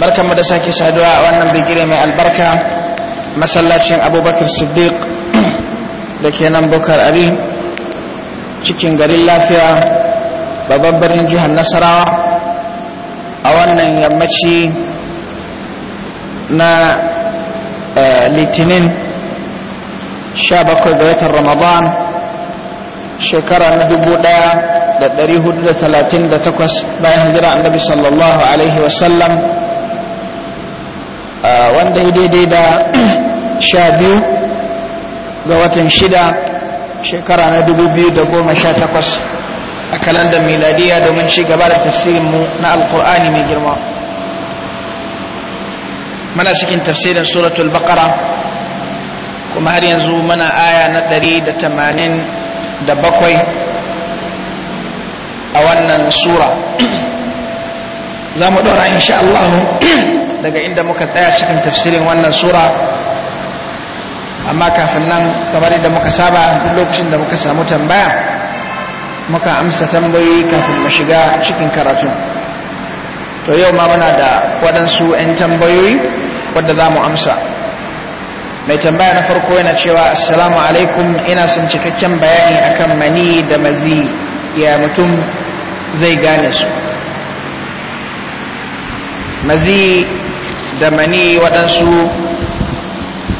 barkanmu da sake saduwa a wannan bigire mai albarka masallacin abubakar siddiq da ke nan bukar abi cikin garin lafiya babban birnin jihar nasarawa a wannan yammaci na eh, litinin 17 ga watan ramadan shekara na 1438 bayan hijira annabi sallallahu alaihi wasallam wanda ya daidai da sha biyu ga watan shida shekara na dubu biyu da goma sha takwas a kalandar miladiya domin ci gaba da tafsirinmu na alkur'ani mai girma mana cikin tafsirin suratul baqara kuma har yanzu mana aya na ɗari da tamanin da bakwai a wannan sura za mu ɗora insha Allah daga inda muka tsaya cikin tafsirin wannan sura amma kafin nan kamar da muka saba duk lokacin da muka samu tambaya muka amsa tambayoyi kafin mu shiga cikin karatu to yau ma muna da waɗansu 'yan tambayoyi wadda za mu amsa mai tambaya na farko yana cewa assalamu alaikum ina son cikakken bayani akan mani da mazi ya mutum zai gane su mazi da mani waɗansu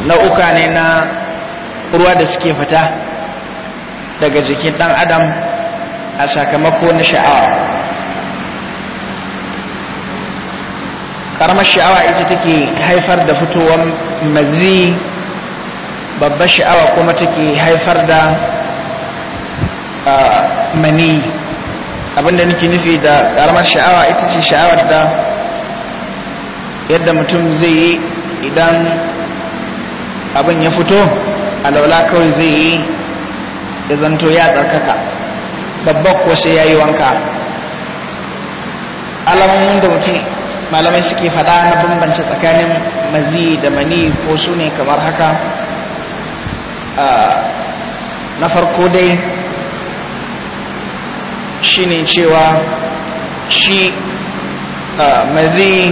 nau'uka ne na ruwa da suke fita daga jikin ɗan adam a sakamako na sha'awa ƙaramar sha'awa ita take haifar da fitowar mazi babbar sha'awa kuma take haifar da mani abinda nake nufi da ƙaramar sha'awa ita ce sha'awar da yadda mutum zai yi idan abin ya fito alaula kawai zai yi ya zanto ya tsarkaka ko sai ya yi wanka alamomin da mutum malamai suke faɗa na bambance tsakanin mazi da mani ko su ne kamar haka ah, na farko dai shi ne cewa shi ah, mazi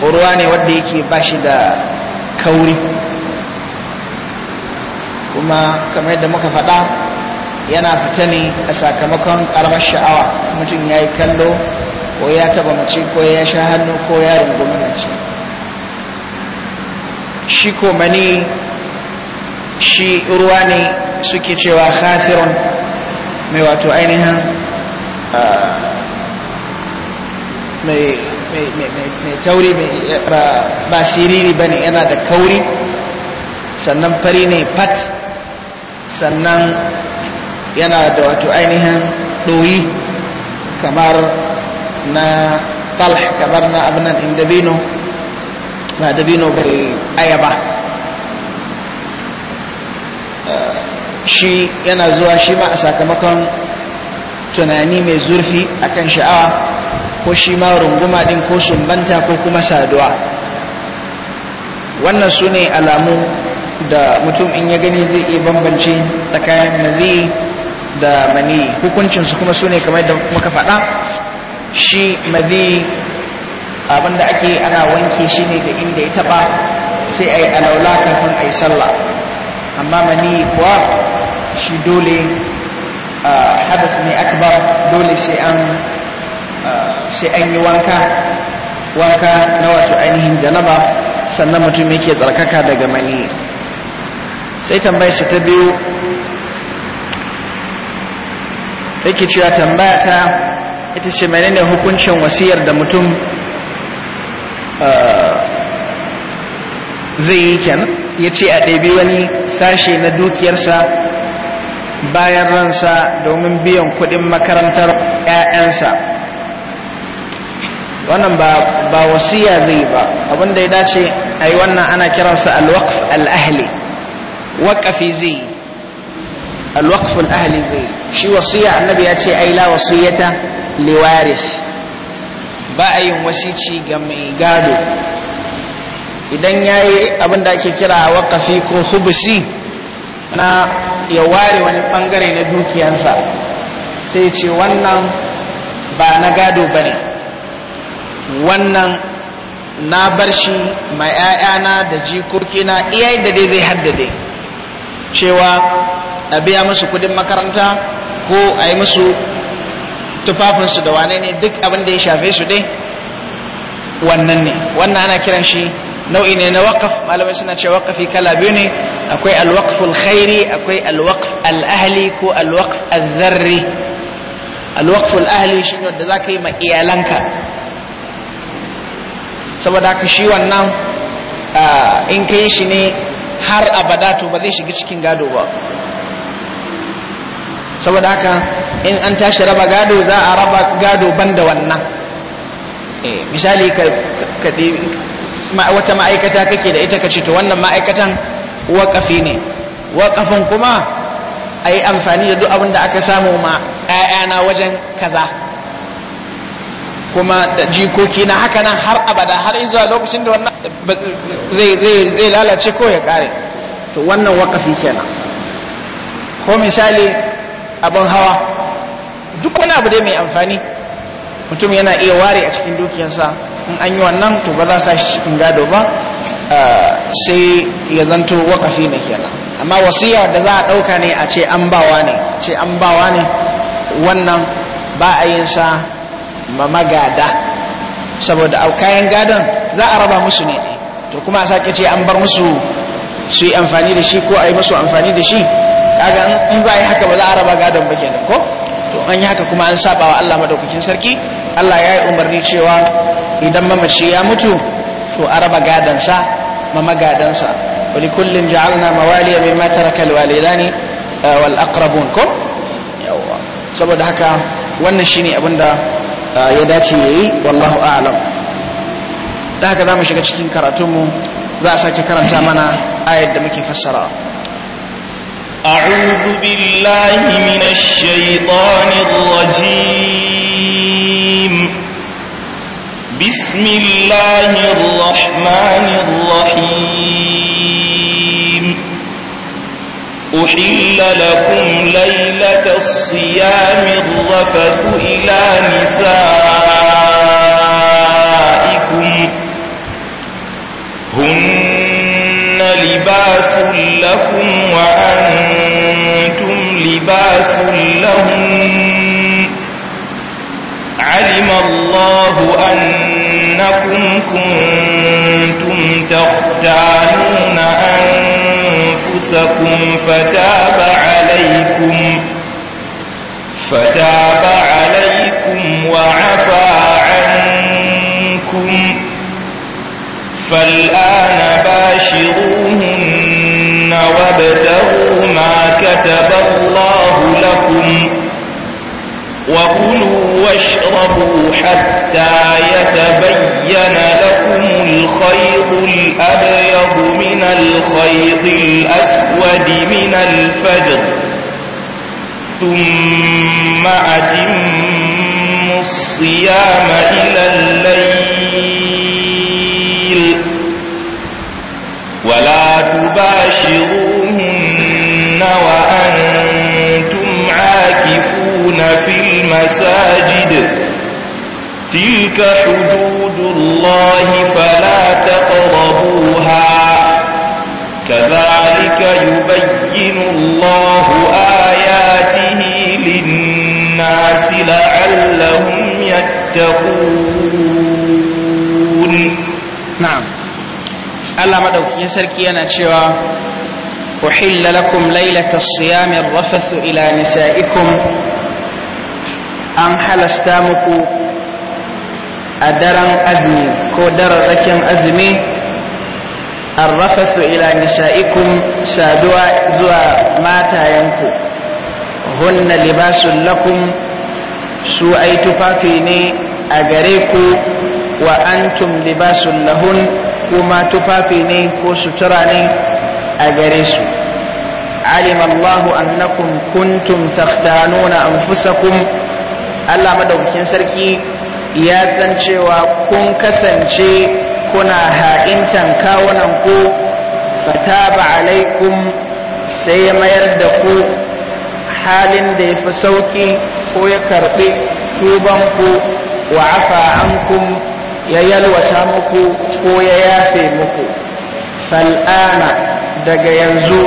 ruwa ne wanda yake shi da kauri kuma kamar yadda muka faɗa yana fita ne a sakamakon ƙarfar sha'awa mutum ya yi kallo ko ya taba mace ko ya sha hannu ko ya rungumi mace shi ko mani shi ruwa ne suke cewa khafirun mai wato ainihin ah, mai mai tauri ba siriri ba ne yana da kauri sannan fari ne fat sannan yana da wato ainihin ɗoyi kamar na talh kamar na abinan in ba dabino bai ba. shi yana zuwa shi ma a sakamakon tunani mai zurfi akan sha'awa ko shi ma runguma din ko sumbanta ko kuma saduwa wannan su ne alamu da mutum in ya gani zai iya bambance tsakanin nazi da mani hukuncinsu kuma su ne kamar da muka faɗa shi mazi abinda ake ana wanke shi ne da inda ya taɓa sai a yi alaula kafin a yi sallah amma mani kuwa shi dole hadas ne akbar dole sai an sai an yi wanka wanka na wato ainihin janaba sannan mutum yake tsarkaka daga mani sai tambayar shi ta biyu yake cewa tambaya ta ita ce ne hukuncin wasiyar da mutum ah, zai yi kenan ya ce a ɗabi wani sashe na dukiyarsa bayan ransa domin biyan kuɗin makarantar 'ya'yansa wannan ba wasiya zai ba abinda ya dace a yi wannan ana kiransa alwakf al'ahli waƙafi zai alwakf al'ahli zai shi wasiya annabi ya ce aila wasiyata liwaris ba a yin wasici ga mai gado idan ya yi abinda ake kira waƙafi ko hubusi na ya ware wani ɓangare na dukiyansa sai ce wannan ba na gado ba ne wannan na bar shi 'ya'ya ‘ya'yana da jikokina iyayen da dai zai haddade cewa a biya musu kudin makaranta ko a yi musu tufafinsu da wane ne duk abin da ya shafe su dai wannan ne wannan ana kiran shi nau'i ne na waƙaf malamai suna ce waƙafi kala biyu ne akwai alwaqful khairi akwai alwaqf al'ahali, ko alwaqf al-zarri alwaqful ahli shi ne da za ka yi ma iyalanka saboda haka shi wannan in ka yi shi ne har abada to ba zai shiga cikin gado ba saboda haka in an tashi raba gado za a raba gado banda wannan eh, misali ka wata ma'aikata kake da ita ka ce to wannan ma'aikatan waƙafi ne waƙafin kuma a yi amfani da duk abin da aka samu ma 'ya'yana wajen kaza kuma da jikoki na haka nan har abada har zuwa lokacin da wannan zai lalace ko ya kare to wannan wakafi kenan ko misali abin hawa duk wani abu dai mai amfani mutum yana iya ware a cikin dukiyarsa in an yi wannan to ba za sa shi cikin gado ba sai ya zanto wakafi ne kenan amma wasiya da za a ɗauka ne a ce an bawa ne ce an bawa ne wannan ba a yin sa ma magada saboda au kayan gadon za a raba musu ne to kuma a sake ce an bar musu su yi amfani da shi ko a yi musu amfani da shi kaga in ba yi haka ba za a raba gadon ba kenan ko to an yi haka kuma an saba wa Allah madaukakin sarki Allah ya yi umarni cewa idan mamaci ya mutu to a raba gadansa ma magadansa wani kullum ja'alna mawaliya mai taraka alwalidani eh, wal aqrabun ko yawa saboda haka wannan shine abinda ya dace ya wallahu alam da haka zamu mu shiga cikin karatunmu za a sake karanta mana ayar da muke fassara أعوذ بالله من الشيطان الرجيم بسم الله الرحمن أحل لكم ليلة الصيام الرفث إلى نسائكم هن لباس لكم وأنتم لباس لهم علم الله أنكم كنتم تختارون أنفسكم فتاب عليكم فتاب عليكم وعفى عنكم فالآن باشروهن وابتغوا ما كتب الله لكم وكلوا واشربوا حتى يتبين لكم الخيط الأبيض من الخيط الأسود من الفجر ثم أتموا الصيام إلى الليل ولا تباشروا المساجد تلك حدود الله فلا تقربوها كذلك يبين الله آياته للناس لعلهم يتقون نعم الله مدوكين سركينا تشوى أحل لكم ليلة الصيام الرفث إلى نسائكم an halasta muku a daren azumi ko daren rakin azumi An su ila nisha'ikun saduwa zuwa matayenku hunna libasun lakum su ai tufafi ne a gare ku wa antum libasun lahun kuma tufafi ne ko sutura ne a gare su علم الله أنكم كنتم تختانون أنفسكم Allah madaukakin sarki ya san cewa kun kasance kuna ha'intan kawunan ku fataba alaikum sai ya mayar da ku halin da ya fi sauki ko ya karɓi tubanku wa afa ankum ya yalwata muku ko ya yafe muku fal'ana daga yanzu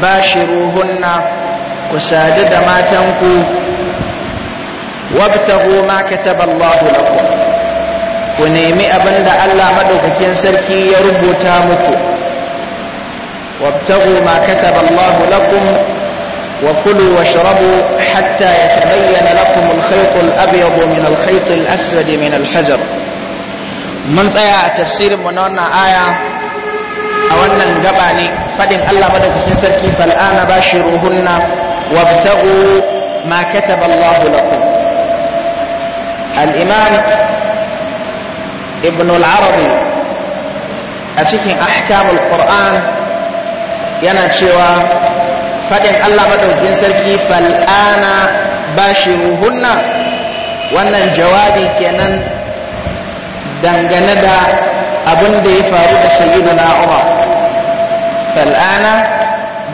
ba shi ruhunna ku sadu da matanku وابتغوا ما كتب الله لكم ونيمي أبن ألا مدوك كنسركي يربو تامكو وابتغوا ما كتب الله لكم وكلوا واشربوا حتى يتبين لكم الخيط الأبيض من الخيط الأسود من الحجر من تأيى تفسير منونا آية أولنا نجبعني فدن الله مدوك كنسركي فالآن باشروهن وابتغوا ما كتب الله لكم al'imam ibn al'arabi a cikin ahkamul qur'an yana cewa faɗin allah maɗaukin sarki fal'ana bashiruhunna wannan jawabi kenan dangane da abin ya faru da sayyiduna umar fal'ana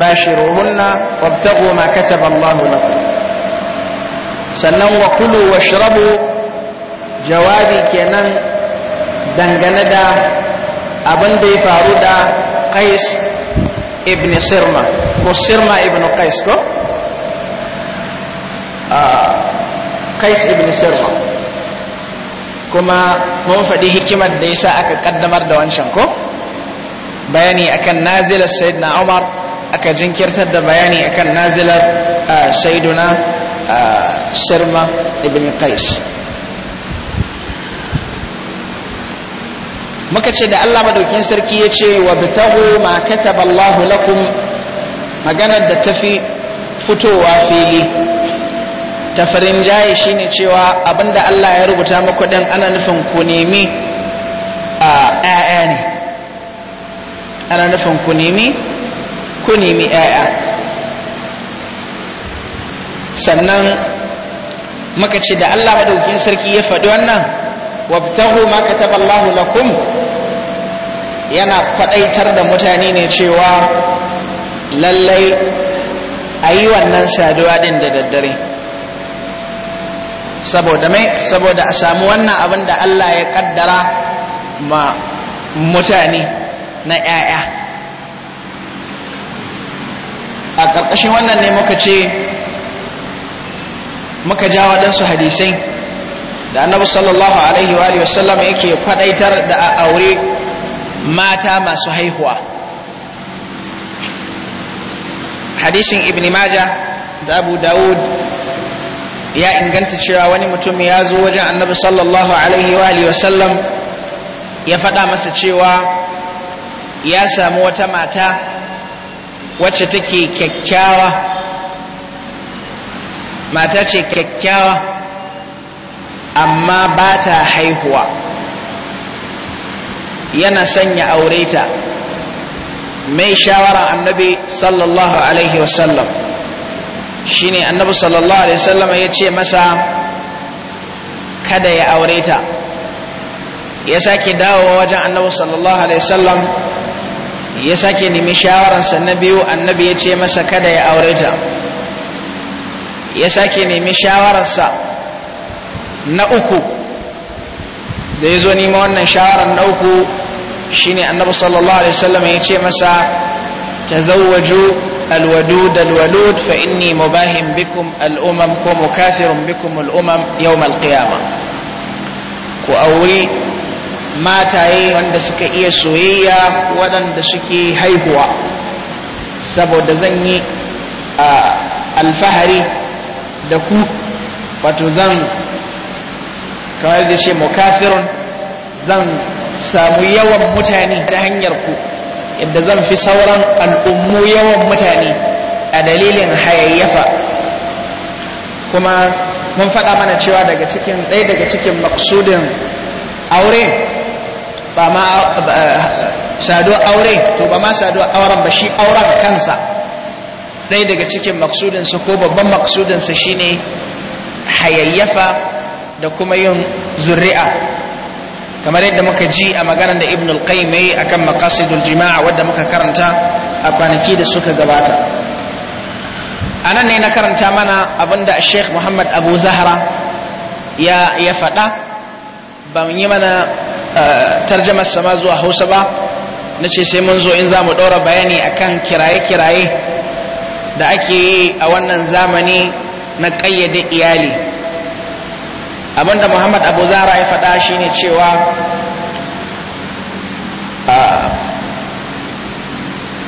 bashiruhunna wabtagu ma kataba allahu lakum sannan wa kulu jawabi kenan dangane da abin da ya faru da qais ibn sirma ko sirma ibn qais ko qais ibn sirma kuma mun faɗi hikimar da yasa aka kaddamar da wancan ko bayani akan nazilar sayyidina umar aka jinkirtar da bayani akan nazilar sayyiduna sirma ibn qais muka ce da Allah madaukin sarki ya ce wa bitahu ma kataba Allahu lakum maganar da ta fi fitowa fili tafarin jaye shine cewa abinda Allah ya rubuta muku dan ana nufin ku nemi a ƴaƴa ne ana nufin ku nemi ku nemi ƴaƴa sannan muka ce da Allah madaukin sarki ya faɗi wannan wabtahu ma kataba Allahu lakum yana fadaitar da mutane ne cewa lallai a yi wannan saduwa din da daddare saboda mai saboda a samu wannan abin da Allah ya kaddara ma mutane na 'ya'ya a ƙarƙashin wannan ne muka ce muka ja waɗansu hadisai da annabi sallallahu alaihi wa sallam yake fadaitar da a aure mata masu haihuwa hadishin ibn maja da abu dawud ya inganta cewa wani mutum ya zo wajen annabi sallallahu alaihi wa sallam ya faɗa masa cewa ya samu wata mata wacce take kyakkyawa mata ce kyakkyawa amma ba ta haihuwa yana sanya aure ta mai shawara annabi sallallahu alaihi wasallam shine annabi sallallahu alaihi wasallam ya ce masa kada ya aure ta ya sake dawowa wajen annabi sallallahu alaihi wasallam ya sake nemi shawararsa na biyu annabi ya ce masa kada ya aure ta ya sake nemi shawararsa na uku da ya zo nima wannan shawarar ɗauku shine annabi sallallahu alaihi wasallam ya ce masa tazawwaju alwadud alwalud fa inni mubahim bikum al'umam ko mukafirun bikum al'umam yawm alqiyama ku aure mataye wanda suka iya soyayya waɗanda suke haihuwa saboda zan yi alfahari da ku wato zan Kawai da ce mukafirun zan samu yawan mutane ta hanyar ku yadda zan fi sauran al'ummu yawan mutane a dalilin hayayyafa kuma mun faɗa mana cewa daga cikin ɗaya daga cikin maksudin aure ba ma sado aure to ba ma sado auren ba shi auren kansa ɗaya daga cikin maksudinsa ko babban maksudinsa shine hayayyafa da kuma yin zuri'a kamar yadda muka ji a maganar da ibn al-qayyim akan maqasidul jima'a wadda muka karanta a kwanaki da suka gabata anan ne na karanta mana abinda Sheikh Muhammad Abu Zahra ya ya faɗa ba yi mana eh, tarjumar sama zuwa Hausa ba nace sai mun zo in za mu ɗora bayani akan kiraye-kiraye da ake yi a wannan zamani na kayyade iyali abinda muhammad abu zara ya faɗa shine cewa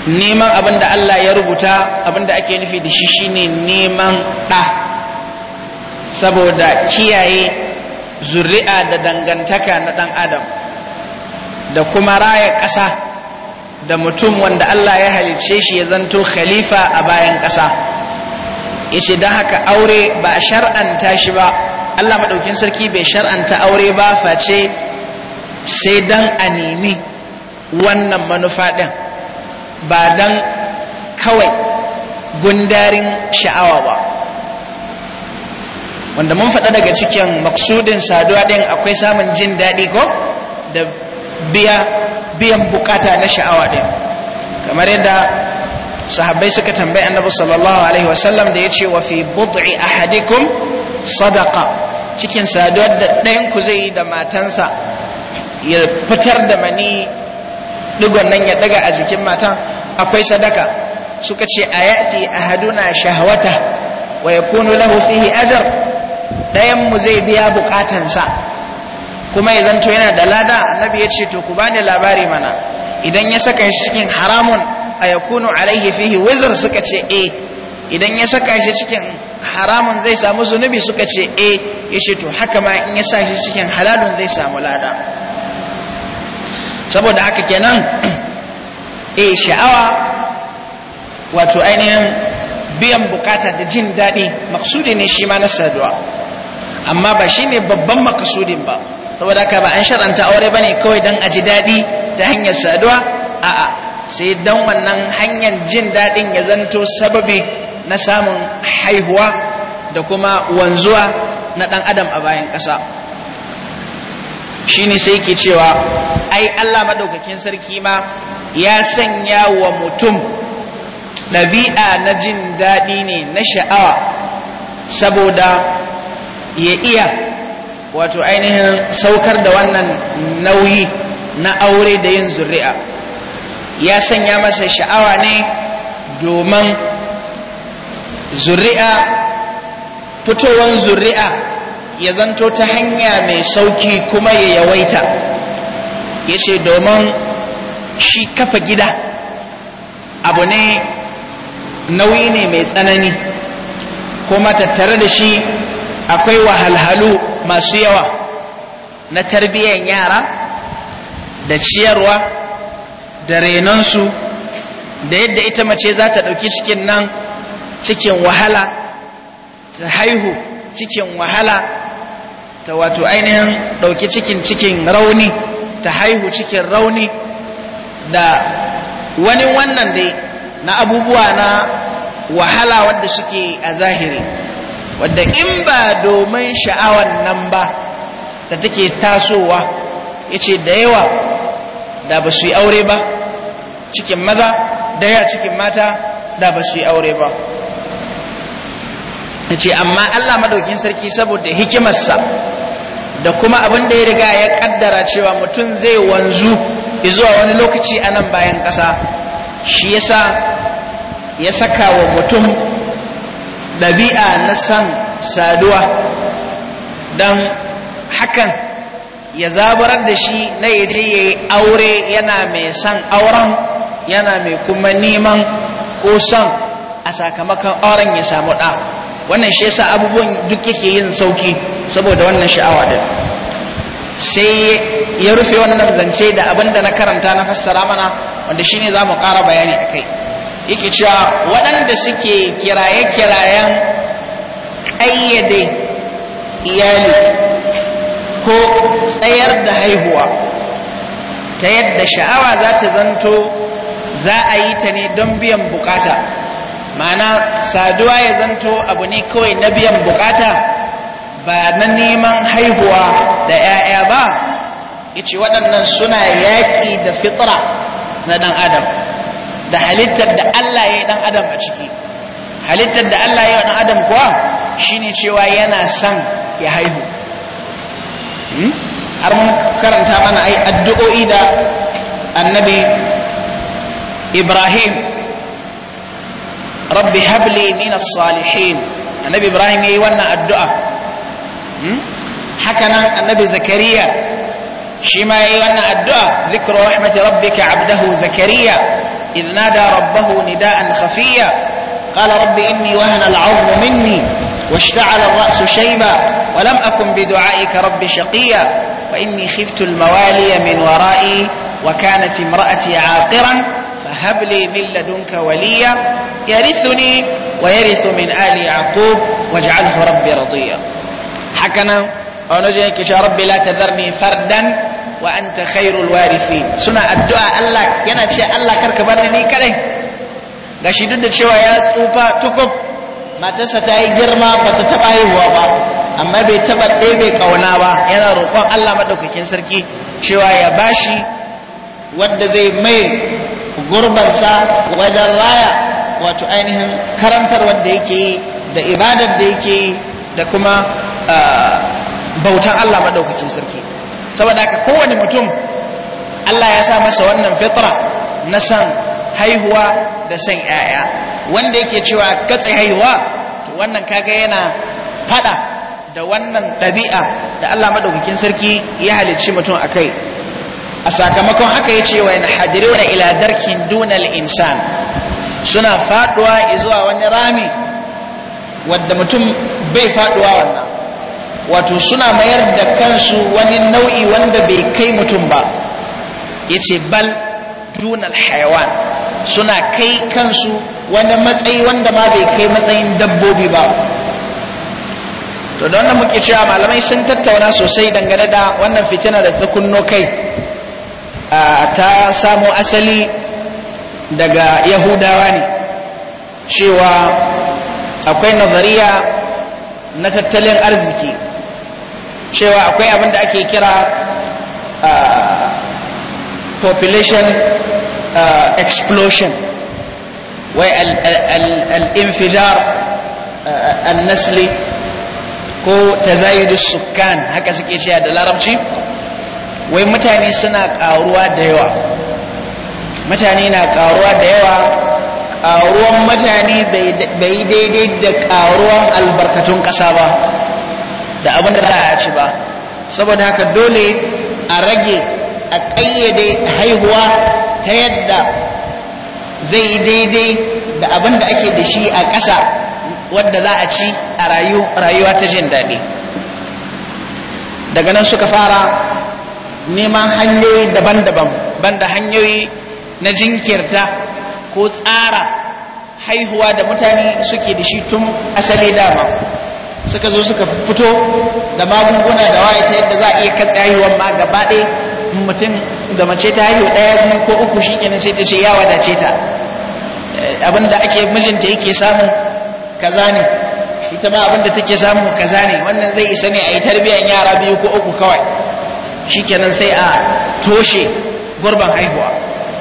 neman abinda allah ya rubuta abinda ake nufi da shi shine neman ɗa saboda kiyaye zuri'a da dangantaka na ɗan adam da kuma raya ƙasa da mutum wanda allah ya halicce shi ya zanto khalifa a bayan ƙasa yace don haka aure ba shar'anta shi ba Allah maɗaukin sarki bai shar'anta aure ba face sai dan a nemi wannan manufa ɗin ba dan kawai gundarin sha'awa ba wanda mun faɗa daga cikin maksudin saduwa ɗin akwai samun jin daɗi ko da biya biyan bukata na sha'awa ɗin kamar yadda sahabbai suka tambayi annabi sallallahu alaihi wasallam da ya ce wa fi bud'i ahadikum sadaqa cikin saduwar da ɗayan ku zai yi da matansa ya fitar da mani digon nan ya daga a jikin matan akwai sadaka suka ce a yati haduna shahwata wa yakunu lahu fihi ajar? ɗayan mu zai biya bukatansa kuma ya zanto yana da lada annabi ya ce to ku bani labari mana idan ya saka shi cikin haramun a ya yakunu alaihi fihi wizar suka ce eh idan ya saka shi cikin haramun zai samu zunubi suka ce eh, ya yace to haka ma in ya sa shi cikin halalun zai samu lada saboda haka kenan e sha'awa wato ainihin biyan bukata da jin daɗi maksudi ne shi ma na saduwa amma ba shi ne babban makasudin ba saboda haka ba an sharanta aure ba ne kawai don a ji daɗi ta hanyar saduwa a'a sai don wannan hanyar jin daɗin ya zanto sababi na samun haihuwa da kuma wanzuwa na ɗan adam a bayan ƙasa shi ne sai ke cewa ai Allah maɗaukakin sarki ma ya sanya wa mutum ɗabi'a na jin daɗi ne na sha'awa saboda ya iya wato ainihin saukar da wannan nauyi na aure da yin zuri'a ya sanya masa sha'awa ne domin zuri'a fitowar zuri'a ya zanto ta hanya mai sauki kuma ya yawaita ya ce domin shi kafa gida abu ne nauyi ne mai tsanani kuma tattare da shi akwai wahalhalu masu yawa na tarbiyyar yara da ciyarwa da renonsu da yadda ita mace za ta ɗauki cikin nan cikin wahala ta haihu cikin wahala ta wato ainihin ɗauki cikin cikin rauni ta haihu cikin rauni da wani wannan da na abubuwa na wahala wadda suke a zahiri wadda in ba domin sha'awar nan ba da take tasowa ya ce da yawa da ba su yi aure ba cikin maza da ya cikin mata da ba su yi aure ba ce amma Allah madaukin sarki saboda hikimarsa da kuma abin da ya riga ya kaddara cewa mutum zai wanzu zuwa wani lokaci a nan bayan ƙasa shi yasa ya saka wa mutum ɗabi'a na san saduwa don hakan ya zabarar da shi na je ya yi aure yana mai san auren yana mai kuma neman ko son a sakamakon auren ya samu ɗa wannan shi yasa abubuwan duk yake yin sauki saboda wannan sha'awa din sai ya rufe wannan zance da abin da na karanta na fassara mana wanda shine za mu ƙara bayani a yake cewa waɗanda suke kiraye-kirayen ƙayyade iyali ko tsayar da haihuwa ta yadda sha'awa za ta zanto za a yi ta ne don biyan bukata ma'ana saduwa ya zanto abu ne kawai na biyan bukata ba na neman haihuwa da 'ya'ya ba ice waɗannan suna yaƙi da fitra na ɗan adam da halittar da Allah ya yi ɗan adam a ciki halittar da Allah ya yi ɗan adam kuwa shine cewa yana son ya haihu hmm? har mun karanta mana ai addu'o'i da annabi ibrahim rabbi habli min as-salihin annabi ibrahim yayi wannan addu'a haka nan annabi zakariya shi ma yayi wannan addu'a zikru rahmati rabbika abdahu zakariya idh nada rabbahu nidaan khafiya qala rabbi inni wahana al-'azmu minni واشتعل الرأس شيبا ولم أكن بدعائك رب شقيا وإني خفت الموالي من ورائي وكانت امرأتي عاقرا فهب لي من لدنك وليا يرثني ويرث من آل يعقوب واجعله ربي رضيا حكنا ونجيك يا ربي لا تذرني فردا وأنت خير الوارثين سنة الدعاء الله ينتشي الله كركبرني كره gashi duk da cewa ya tsufa tukub matarsa ta girma ta haihuwa amma bai taba ɗebe ƙauna ba yana roƙon allah maɗaukakin sarki cewa ya bashi Wanda zai mai gurbansa wajen raya wato ainihin karantar wanda yake da ibadar da yake da kuma bautan Allah maɗaukacin sarki saboda haka kowane mutum Allah ya sa masa wannan fitra na san haihuwa da san yaya wanda yake cewa katse haihuwa to wannan kaga yana fada da wannan ɗabi'a da Allah maɗaukakin sarki ya halicci mutum akai. a sakamakon haka ya ce wa yana hadiruna ila iladarkin dunal insan suna faduwa zuwa wani rami wadda mutum bai faduwa wannan wato suna mayar da kansu wani nau'i wanda bai kai mutum ba ya ce bal dunal hayawan suna kai kansu wani matsayi wanda ma bai kai matsayin dabbobi ba to da wannan muke cewa malamai sun tattauna sosai dangane da wannan fitina da ta kunno kai ta samo asali daga yahudawa ne cewa akwai nazariya na tattalin arziki cewa akwai abin da ake kira population explosion wai al'infijar al-nasli ko ta zayi sukkan haka suke cewa da larabci wai mutane suna karuwa da yawa mutane na karuwa da yawa karuwan mutane bai daidai da karuwan albarkatun ƙasa ba da abin da za ci ba saboda haka dole a rage a ƙayyade haihuwa ta yadda zai yi daidai da abin da ake da shi a ƙasa wadda za a ci a rayuwa ta jin daɗi daga nan suka fara neman hanyoyi daban-daban banda hanyoyi na jinkirta ko tsara haihuwa da mutane suke da shi tun asali dama suka zo suka fito da magunguna da waye ta yadda za a iya katse haihuwar ma gaba mutum da mace ta haihu ɗaya kuma ko uku shi kenan sai ta ce ya wadace ta eh, abin da ake mijinta yake samu kaza ne ita ma abin da take samu kaza ne wannan zai isa ne a yi tarbiyyar yara biyu ko uku kawai shikenan sai a toshe gurban haihuwa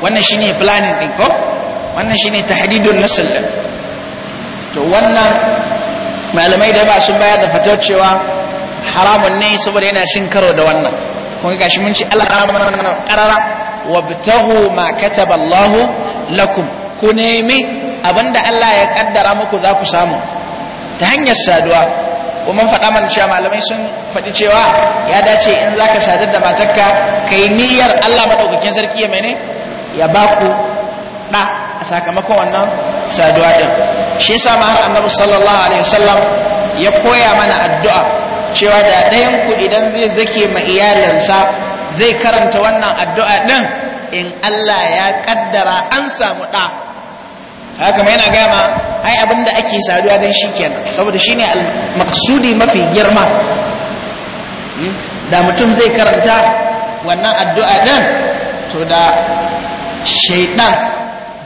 wannan ne planning din ko wannan shine tahdidun nasl din to wannan malamai da ba sun bayar da fatawar cewa haramun ne saboda yana shin karo da wannan Kuma ga shi mun ci al'amana qarara wabtahu ma kataba Allah lakum ku nemi abinda Allah ya kaddara muku za ku samu ta hanyar saduwa kuma faɗa mana cewa malamai sun faɗi cewa ya dace in za ka sadar da matarka ka yi niyyar Allah maɗaukakin sarki ya mene ya ba ku ɗa a sakamakon wannan saduwa ɗin shi yasa ma har annabi sallallahu alaihi wasallam ya koya mana addu'a cewa da ɗayan ku idan zai zake ma iyalinsa zai karanta wannan addu'a ɗin in Allah ya kaddara an samu ɗa haka mai yana gama ai abinda ake saduwa don shi kenan saboda shine al mafi girma hmm? da mutum zai karanta wannan addu'a din to da shaidan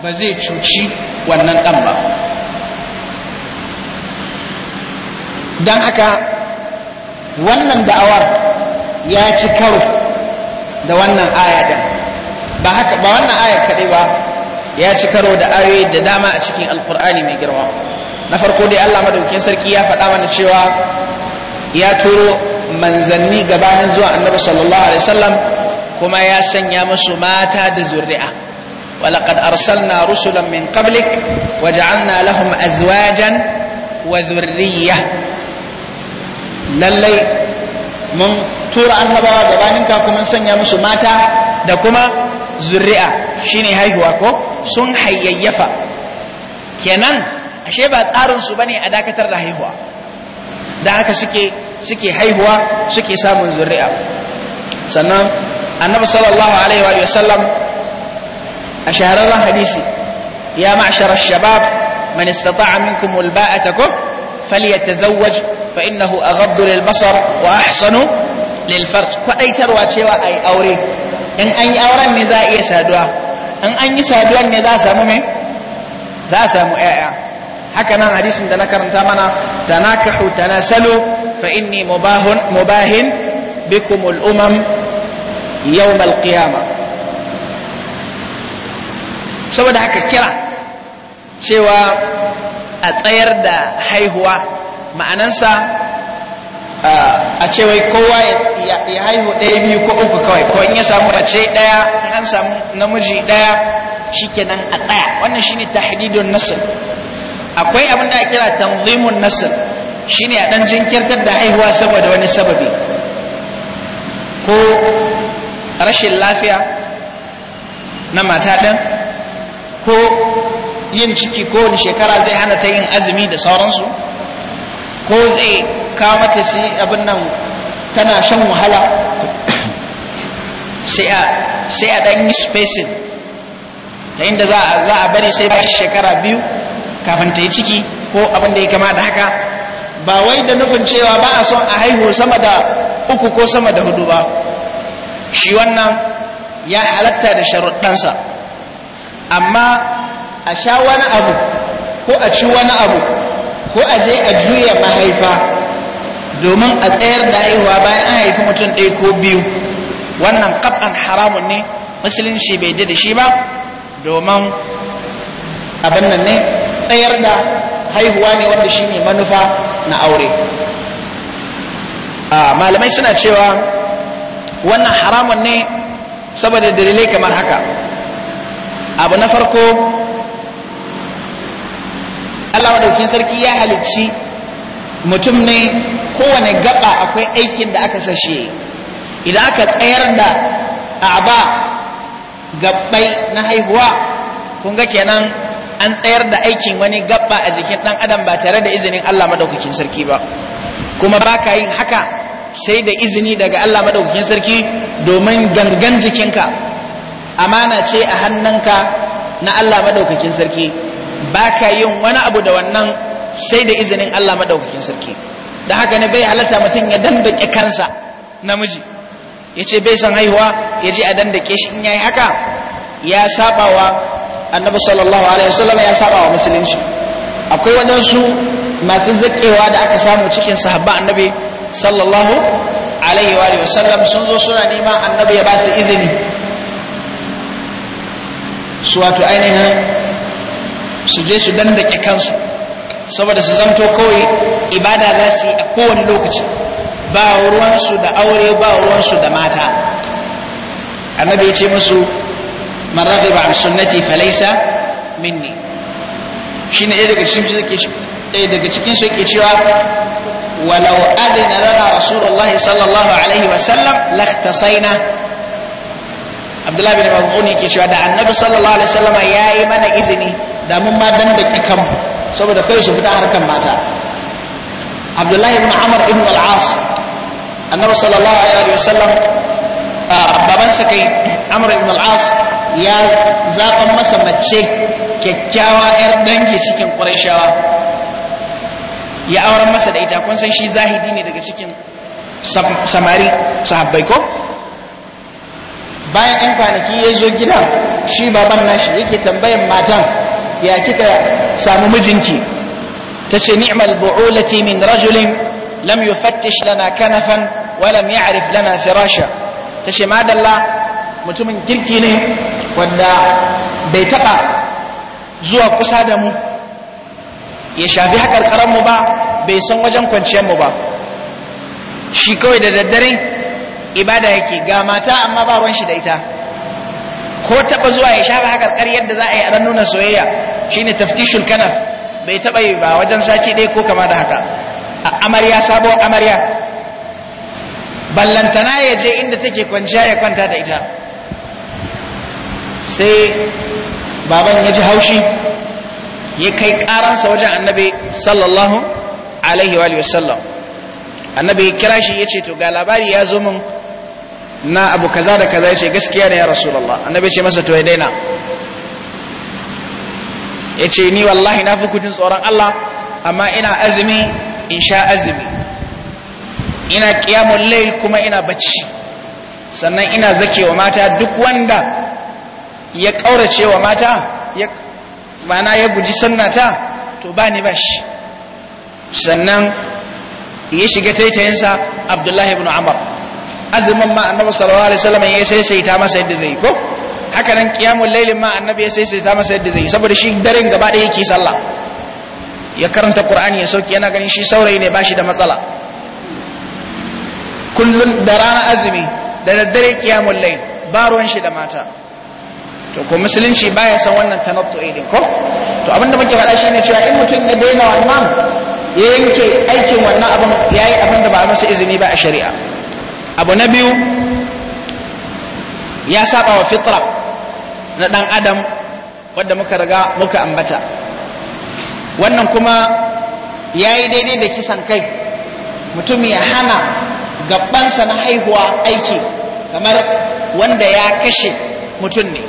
ba zai cuci wannan dan ba dan haka wannan da'awar ya ci karo da wannan aya din ba haka ba wannan aya kadai ba ya ci karo da ayoyi da dama a cikin alkur'ani mai girma na farko dai Allah Madaukin sarki ya faɗa mana cewa ya turo manzanni gabanin zuwa annabi sallallahu alaihi wasallam kuma ya sanya musu mata da zuri'a walaqad arsalna rusulan min qablik waja'alna lahum azwajan wa dhurriyya lallai mun tura annabawa gabanin ka kuma sanya musu mata da kuma zuri'a shine haihuwa ko sun hayayyafa kenan ashe ba tsarin su bane a dakatar da haihuwa da haka suke suke haihuwa suke samun zuri'a sannan annabi sallallahu alaihi wa sallam a shahararren hadisi ya ma'shara shabab man istata'a minkum alba'ata ko falyatazawwaj fa innahu aghaddu lil basar wa ahsanu lil farj kwadaitarwa cewa ai aure in an yi auren ne za a iya saduwa in an yi saduwan ne za a samu me za a samu ƴaƴa haka nan hadisin da na karanta mana tanakahu tanasalu fa inni mubahun mubahin bikum al-umam yawm al-qiyama saboda haka kira cewa a tsayar da haihuwa ma'anansa Ah, a ce wai kowa ya haihu ɗaya biyu ko uku kawai ko in ya samu ce ɗaya in an samu namiji ɗaya shikenan a ɗaya wannan shi ta tahdidun nasir akwai abin da kira tanzimun shi ne a ɗan jinkirtar da haihuwa saboda wani sababi ko rashin lafiya na mata ɗin ko yin ciki ko wani shekara zai hana ta yin azumi da sauransu ko zai kawo mata shi abin nan tana shan wahala sai a ɗan yi spacing ta inda za a bari sai ba shekara biyu kafin ta yi ciki ko abin da ya kama da haka ba wai da nufin cewa ba a son a haihu sama da uku ko sama da hudu ba shi wannan ya halatta da sharuɗansa amma a sha wani abu ko a ci wani abu ko a je a juya mahaifa domin a tsayar da haihuwa bayan an haifi mutum ɗaya ko biyu wannan kafan haramun ne musulunci bai ji da shi ba domin abin nan ne tsayar da haihuwa ne wanda shi ne manufa na aure ah, malamai suna cewa wannan haramun ne saboda dalilai kamar haka abu na farko Allah wadaukin sarki ya halicci mutum ne kowane gaba akwai aikin da aka sashe idan aka tsayar da aba gabbai na haihuwa kun ga kenan an tsayar da aikin wani gaba a jikin dan adam ba tare da izinin Allah madaukakin sarki ba kuma ba ka yin haka sai da izini daga Allah madaukakin sarki domin gangan jikinka amana ce a hannunka na Allah madaukakin sarki ba ka yin wani abu da wannan sai da izinin Allah madaukakin sarki da haka ne bai halarta mutum ya dandake kansa namiji yace bai san haihuwa ya je a dandake shi in yayi haka ya sabawa annabi sallallahu alaihi wasallam ya sabawa musulunci akwai wadansu masu zakewa da aka samu cikin sahabba annabi sallallahu alaihi wa sallam sun zo suna neman annabi ya ba su izini su wato ainihin su je su dandake kansu saboda su zanto kawai ibada za su yi a kowane lokaci ba ruwansu da aure ba ruwansu da mata annabi ya ce musu man raghiba an sunnati falaysa minni shine ɗaya daga cikin suke ɗaya daga cikin su yake cewa walau adana lana rasulullah sallallahu alaihi wa sallam lakhtasaina abdullahi bin mas'ud ke cewa da annabi sallallahu alaihi wa ya yi mana izini da mun ma dan da kanmu saboda kai shi fita harkar mata abdullahi ibn amr ibn al-as annabi sallallahu alaihi sallam, babansa kai amr ibn al-as ya zaban masa mace kyakkyawa 'yar dangi cikin ƙurashawa ya auren masa da ita kun san shi zahidi ne daga cikin samari sahabbai ko bayan 'yan kwanaki ya zo gida shi baban nashi yake tambayan matan ya kika samu mijinki ta ce ni'mal bu'ulati min rajulin lam yufattish lana kanafan wa lam ya'rif lana firasha ta ce madalla mutumin kirki ne wanda bai taba zuwa kusa da mu ya shafi hakarkaran mu ba bai san wajen kwanciyar mu ba shi kawai da daddare ibada yake ga mata amma ba ruwan shi da ita ko taɓa zuwa ya shafa hakarkar yadda za a yi a ran nuna soyayya shine taftishul kanaf bai taɓa yi ba wajen saci ɗaya ko kama da haka amarya sabo amarya ballantana ya je inda take kwanciya ya kwanta da ita sai baban ya ji haushi ya kai karansa wajen annabi sallallahu alaihi wa sallam annabi ya kira shi ya ce to ga labari ya zo min na abu kaza da kaza yace gaskiya ne ya rasulullah annabi ce masa to ya daina yace ni wallahi na fi kudin tsoron Allah amma ina azumi in sha azumi ina qiyamul layl kuma ina bacci sannan ina wa mata duk wanda ya kaurace wa mata ya mana ya guji sunnata to bani bashi sannan ya shiga taitayinsa abdullahi ibn amr azumin ma annabi sallallahu alaihi wasallam ya saisaita masa yadda zai ko haka nan qiyamul lailin ma annabi ya saisaita masa yadda zai saboda shi daren gaba da yake sallah ya karanta qur'ani ya sauki yana ganin shi saurayi ne bashi da matsala kullun da rana azumi da daddare qiyamul lail ba ruwan shi da mata to ko musulunci baya san wannan tanattu'i din ko to abinda muke faɗa shine cewa in mutum ya daina wannan ya yanke aikin wannan abin yayi abin da ba masa izini ba a shari'a abu na biyu ya saba wa fitra na dan adam wadda muka riga muka ambata wannan kuma ya yi daidai da kisan kai mutum ya hana gabansa na haihuwa aiki kamar wanda ya kashe mutum ne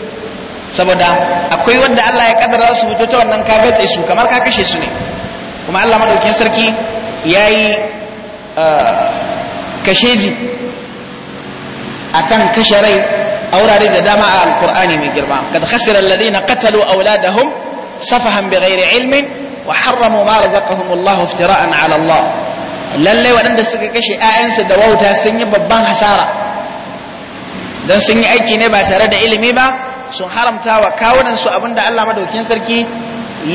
saboda akwai wanda Allah ya kaddara su fito ta wannan ka gatse su kamar ka kashe su ne kuma Allah madaukin sarki ya yi eh, kasheji akan kashe rai a wurare da dama a alkur'ani mai girma kad khasira alladhina qatalu awladahum safahan bighairi ilmin wa harramu ma razaqahum Allah iftira'an 'ala Allah lalle waɗanda suka kashe ƴaƴansu da wauta sun yi babban hasara dan sun yi aiki ne ba tare da ilimi ba sun haramta wa kawunan su abinda Allah madaukakin sarki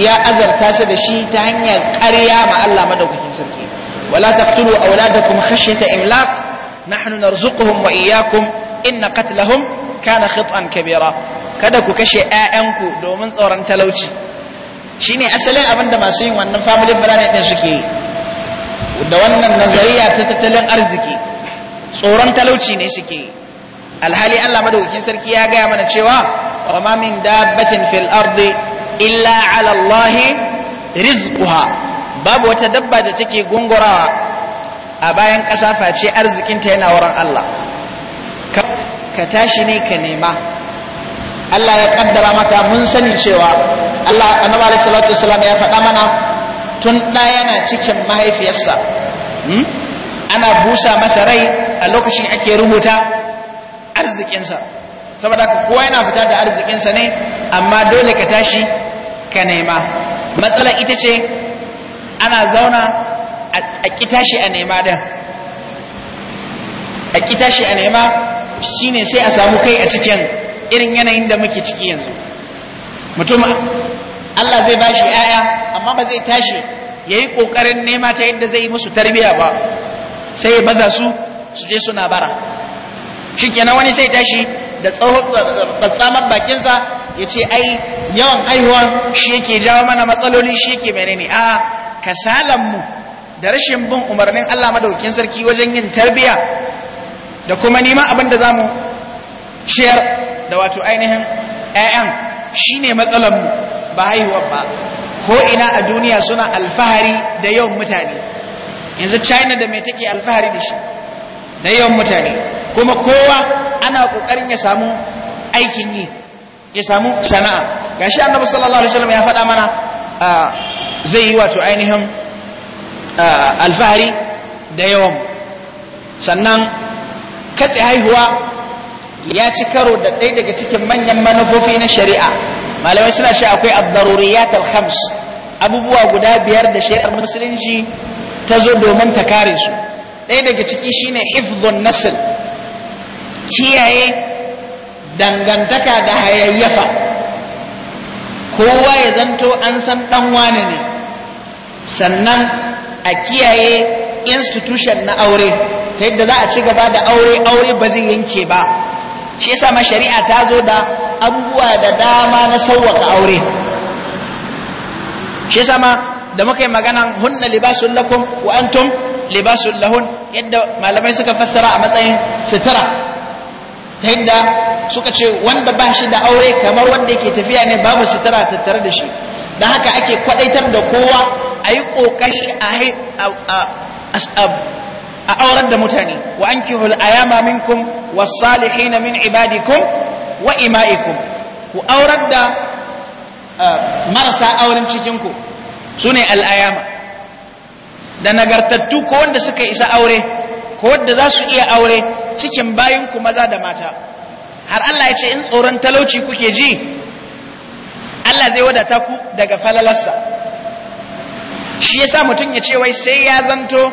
ya azarta su da shi ta hanyar ƙarya ma Allah madaukakin sarki wala taqtulu awladakum khashyata imlaq nahnu narzuquhum wa iyyakum inna qatlahum kana khit'an kabira kada ku kashe ƴaƴanku domin tsoron talauci shine asalin abin da masu yin wannan family planning din suke da wannan nazariya ta tattalin arziki tsoron talauci ne suke alhali Allah madaukakin sarki ya gaya mana cewa wa ma min dabbatin fil ardi illa ala Allah rizquha babu wata dabba da take gungurawa a bayan ƙasa face arzikinta yana wurin Allah ka tashi ne ka nema Allah ya ƙaddara maka mun sani cewa Allah annabi alaihi wasallam ya faɗa mana tun da yana cikin mahaifiyarsa hmm? ana busa masa rai a lokacin ake rubuta arzikinsa saboda ka kowa yana fita da arzikinsa ne amma dole ka tashi ka nema matsala ita ce ana zauna a kita shi a nema din a kita shi a nema shine sai a samu kai a cikin irin yanayin da muke ciki yanzu mutum Allah zai bashi yaya amma ba zai tashi yayi kokarin nema ta yadda zai musu tarbiya ba sai ya baza su su je suna bara shikenan wani sai tashi da tsatsamar bakinsa ya ce ai yawan haihuwa shi yake jawo mana matsaloli shi yake menene a mu. da rashin bin umarnin Allah madaukin sarki wajen yin tarbiya da kuma nima abin da za mu da wato ainihin 'ya'yan shi ne mu ba haihuwa ba ko ina a duniya suna alfahari da yawan mutane yanzu china da mai take alfahari da shi da yawan mutane kuma kowa ana ƙoƙarin ya samu aikin yi ya samu sana'a gashi annabi sallallahu alaihi wasallam ya faɗa mana ah, zai yi wato ainihin alfahari da yawan sannan katse haihuwa ya ci karo da ɗaya daga cikin manyan manufofi na shari'a malamai suna shi akwai abdaruriyat al abubuwa guda biyar da shari'ar musulunci ta zo domin ta kare su ɗaya daga ciki shine hifzun nasir kiyaye dangantaka da hayayyafa kowa ya zanto an san dan ne sannan a kiyaye institution na aure ta yadda za a ci gaba da aure aure ba zai yanke ba shi yasa ma shari'a ta zo da abubuwa da dama na sauwaka aure shi yasa ma da muka yi magana hunna libasul lakum wa antum libasul lahun yadda malamai suka fassara a matsayin sitara ta yadda suka ce wanda ba shi da aure kamar wanda yake tafiya ne babu sitara tattare da shi don haka ake kwadaitar da kowa a yi ƙoƙari a aurar da mutane wa an ayama minkum wasalihi min ibadikum wa ima'ikum ku aurar da marasa auren cikinku su ne al'ayama da nagartattu ko wanda suka isa aure ko wanda za su iya aure cikin ku maza da mata har Allah ya ce in tsoron talauci kuke ji Allah zai wadata ku daga falalarsa shi yasa mutum ya ce wai sai ya zanto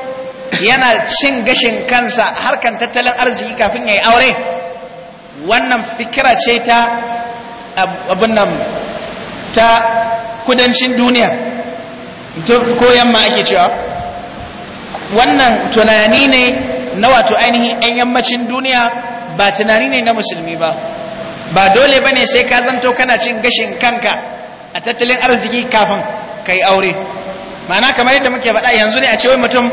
yana cin gashin kansa harkan tattalin arziki kafin ya yi aure wannan fikira ce ta abin nan ta kudancin duniya ko yamma ake cewa wannan tunani ne na wato ainihin 'yan yammacin duniya ba tunani ne na musulmi ba ba dole ba ne sai ka zanto kana cin gashin kanka a tattalin arziki kafin ka yi aure ma'ana kamar yadda muke faɗa yanzu ne a ce wai mutum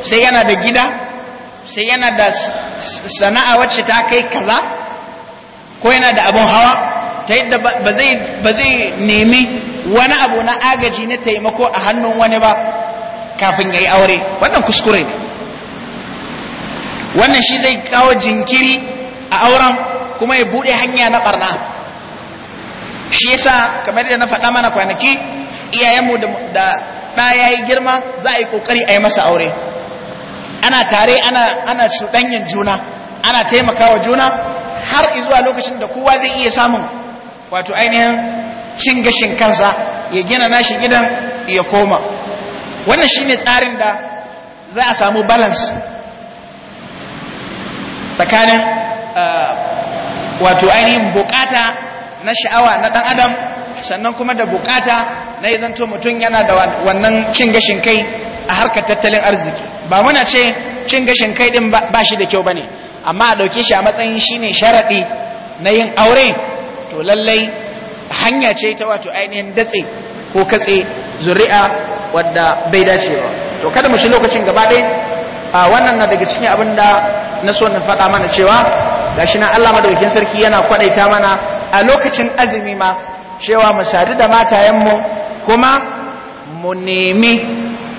sai yana da gida sai yana da sana'a wacce ta kai kaza ko yana da abun hawa ta yadda ba zai nemi wani abu na agaji na taimako a hannun wani ba kafin ya yi aure wannan kuskure ne wannan shi zai kawo jinkiri a auren kuma ya buɗe hanya na ɓarna shi yasa kamar yadda na faɗa mana kwanaki iyayenmu da ɗa ya yi girma za a yi ƙoƙari a yi masa aure ana tare ana cuɗanyan juna ana taimakawa juna har izuwa lokacin da kowa zai iya samun wato ainihin cin gashin kansa ya gina nashi gidan ya koma wannan shine tsarin da za a samu balance tsakanin wato ainihin bukata na sha'awa na ɗan adam sannan kuma da bukata na yi zanto mutum yana da wannan cin gashin kai a harkar tattalin arziki ba muna ce cin gashin kai din ba shi da kyau ba ne amma a ɗauke shi a matsayin shi ne sharaɗi na yin aure to lallai hanya ce ta wato ainihin datse ko katse zuri'a wadda bai dace ba to kada mu shi lokacin gaba ɗaya wannan na daga cikin abin da na so na faɗa mana cewa shi na Allah madaukin sarki yana kwadaita mana a lokacin azumi ma cewa mu sadu da matayen mu. kuma mu nemi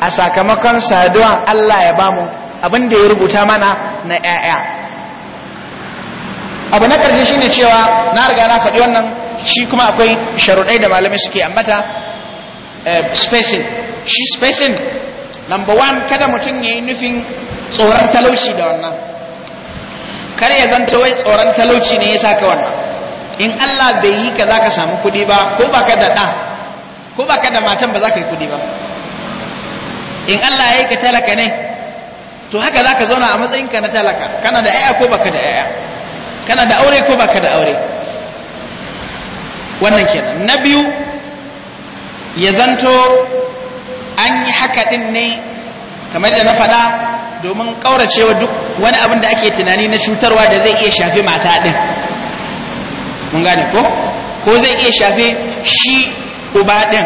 a sakamakon saduwan Allah ya bamu abin da ya rubuta mana na yaya. abu na karshe shine cewa na riga na faɗi wannan shi kuma akwai sharuɗai da malamai suke ambata eh, spacing shi spacing number one kada mutum ya yi nufin tsoron talauci da wannan kar ya zanta wai tsoron talauci ne ya sa wannan in Allah bai yi ka za ka samu kuɗi ba ko ba ka daɗa ko baka da matan ba za ka yi kuɗi ba in Allah ya yi ka talaka ne to haka za ka zauna a matsayinka na talaka kana da 'ya'ya ko baka da 'ya'ya kana da aure ko baka da aure wannan kenan na biyu ya zanto an yi haka ɗin ne kamar da na faɗa domin ƙauracewa duk wani abin da ake tunani na cutarwa da zai iya shafi mata ɗin mun gane ko ko zai iya shafi shi uba ɗin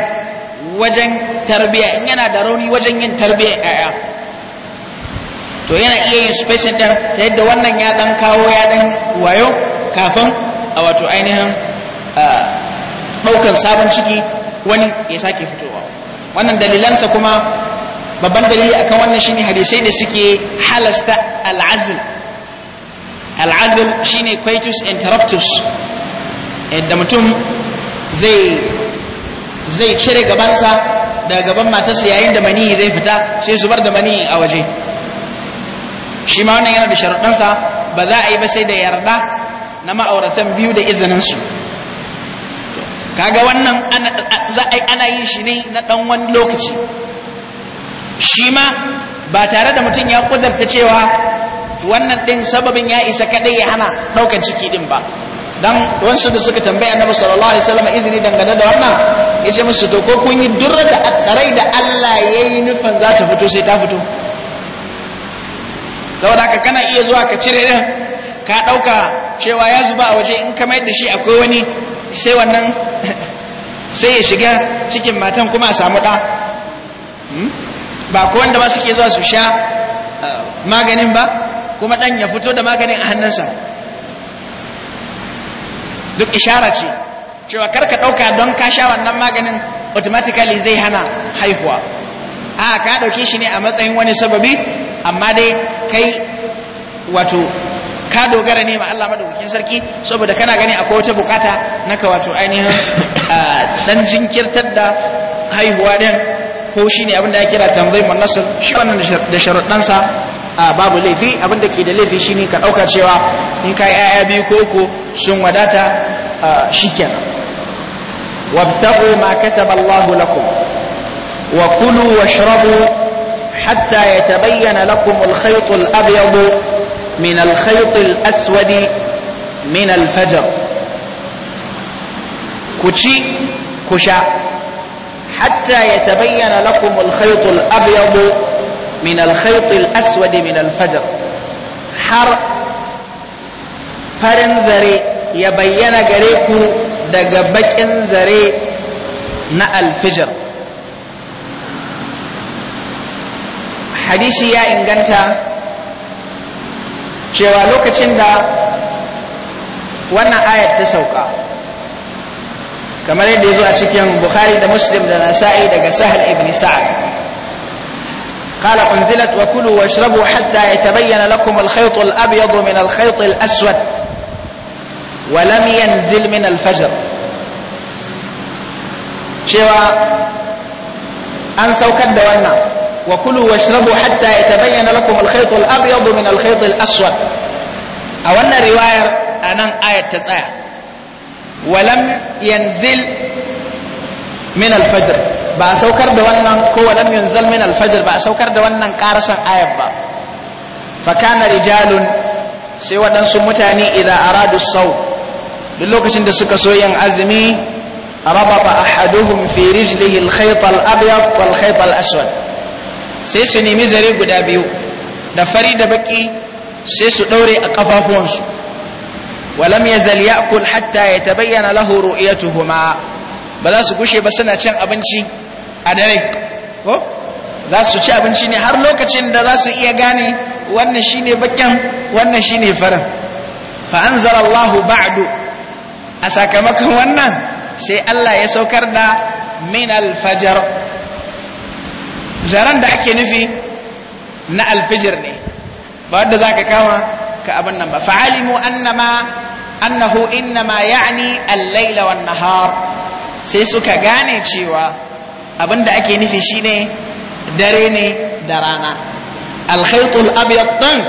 wajen tarbiyya in yana da rauni wajen yin tarbiya yaya to yana iya yin spacing ɗin ta yadda wannan ya ɗan kawo ya ɗan wayo kafin a wato ainihin ɗaukan sabon ciki wani ya sake fitowa wannan dalilansa kuma babban dalili akan wannan shine hadisai da suke halasta al'azl shi shine coitus interruptus inda mutum zai zai cire gabansa daga gaban matarsa yayin da mani zai fita sai su bar da mani a waje shi ma wannan yana da sharuɗansa ba za a yi ba sai da yarda na ma'auratan biyu da izininsu kaga wannan za a yi ana yin shi ne na ɗan wani lokaci shi ma ba tare da mutum ya ƙudurta cewa wannan ɗin sababin ya isa kaɗai ya hana ɗaukan ciki ɗin ba dan wasu da suka tambaya annabi sallallahu alaihi wasallam izini dangane da wannan yace musu to ko kun yi durra da rai da Allah yayi nufin za ta fito sai ta fito saboda haka kana iya zuwa ka cire din ka dauka cewa ya zuba a waje in ka mai da shi akwai wani sai wannan sai ya shiga cikin matan kuma a samu da hmm? ba ko wanda ba suke zuwa su sha uh, maganin ba kuma dan ya fito da maganin a hannunsa duk ishara ce cewa ka ɗauka don ka sha wannan maganin automatically zai hana haihuwa a ka ɗauki shi ne a matsayin wani sababi amma dai kai wato ka dogara ne ma Allah madaukakin sarki saboda kana gani akwai wata bukata naka wato ainihin dan jinkirtar da haihuwa din ko shine abin da ake kira tanzimun nasr shi wannan da sa a babu laifi abin da ke da laifi shine ka dauka cewa in kai ayaya biyu ko uku sun wadata shikenan wabtaghu ma kataba Allahu lakum wa kulu washrabu hatta yatabayyana lakum al-khayt al-abyad min al-khayt al-aswad min al-fajr ku kusha hatta yatabayyana lakum al-khayt al-abyad min al aswadi al-aswad min har farin zare ya bayyana gare ku daga bakin zare na alfijir Hadishi hadisi ya inganta cewa lokacin da wannan ayat ta sauka kamar yadda ya zo a cikin bukhari da muslim da nasa'i daga sahal ibn sa'ad قال أنزلت وكلوا واشربوا حتى يتبين لكم الخيط الأبيض من الخيط الأسود ولم ينزل من الفجر شوى أن سوكت دوانا وكلوا واشربوا حتى يتبين لكم الخيط الأبيض من الخيط الأسود ان رواية أنا آية تسعة ولم ينزل من الفجر ba a saukar da wannan ko walam yunzal min ba a saukar da wannan karasan ayat ba fa kana rijalun sai waɗansu mutane ila aradu sau. duk lokacin da suka so yin azumi rabata ahaduhum fi rijlihi alkhayt alabyad wal khayt alaswad sai su nemi zare guda biyu da fari da baki sai su daure a kafafuwansu walam yazal ya'kul hatta lahoro iya tuhuma. ba za su gushe ba suna cin abinci a dare ko za su ci abinci ne har lokacin da za su iya gane wannan shine bakin wannan shine farin fa anzala Allah a sakamakon wannan sai Allah ya saukar da min al-fajr da ake nufi na al ne ba za ka kama ka abin nan ba fa'alimu annahu innama ya'ani al-laila wan sai suka gane cewa abinda ake nufi shine dare ne da rana alkhaitul abyad din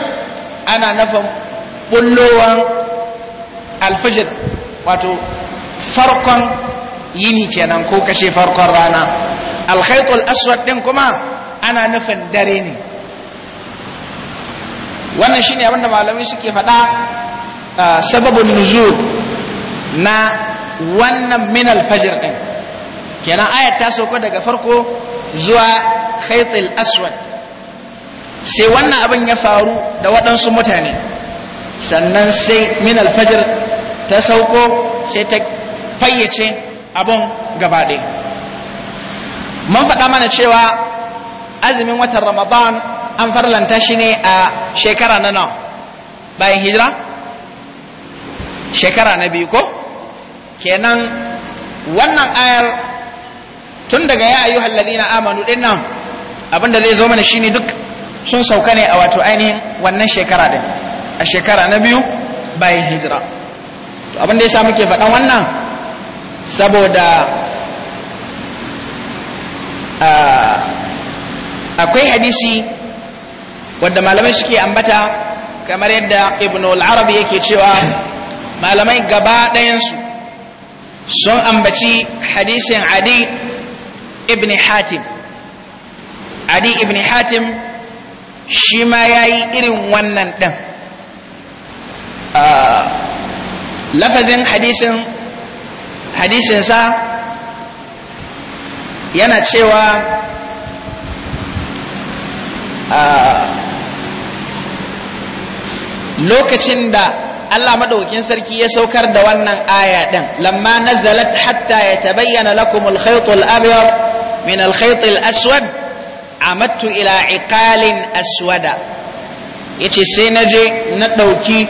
ana nufin bullowan alfajir wato farkon yini kenan ko kashe farkon rana alkhaitul aswad din kuma ana nufin dare ne wannan shine abinda malamai suke faɗa ah, sababin nuzul na wannan min alfajir din kenan ayat ta sauko daga farko zuwa khaitul aswad sai wannan abin ya faru da waɗansu mutane sannan sai min alfajir ta sauko sai ta fayyace abin gabaɗe mun faɗa mana cewa azumin watan ramadan an farlanta shi ne a shekara na nawa bayan hijira shekara na biyu ko kenan wannan ayar tun daga ya ayyuhal ladina amanu din nan abinda zai zo mana shine duk sun sauka ne a wato ainihin wannan shekara din a shekara na biyu bayan hijira to abinda yasa muke faɗan wannan saboda akwai hadisi wadda malamai suke ambata kamar yadda ibn al-arabi yake cewa malamai gaba ɗayansu sun ambaci hadisin adi ibn hatim adi ibn hatim shi ma ya yi irin wannan ɗin lafazin hadisin hadisinsa yana cewa lokacin da Allah madaukakin sarki ya saukar da wannan aya din lamma nazalat hatta yatabayyana lakum al-khayt al-abyad min al-khayt al-aswad amattu ila iqalin aswada yace sai naje na dauki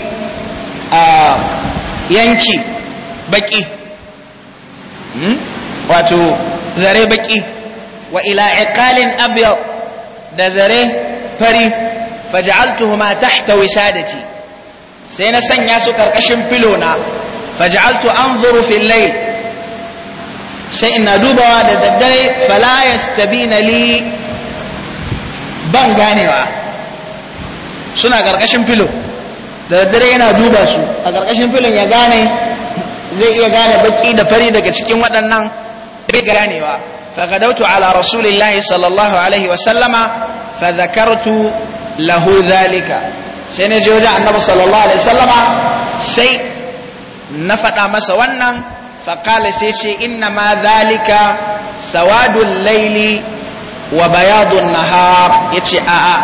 yanki baki hmm? wato zare baki wa ila iqalin abyad da zare fari faj'altuhuma tahta wisadati sai na sanya su karkashin filo na faj'altu anzuru fil layl sai ina dubawa da daddare fala yastabina li ban ganewa suna karkashin filo da daddare yana duba su a karkashin filon ya gane zai iya gane baki da fari daga cikin waɗannan bai ganewa فغدوت على رسول الله صلى الله عليه وسلم فذكرت له ذلك sai na je wajen annabi sallallahu alaihi sallama sai na faɗa masa wannan faƙala sai ce inna ma zalika sawadun laili wa bayadun nahar ya ce a'a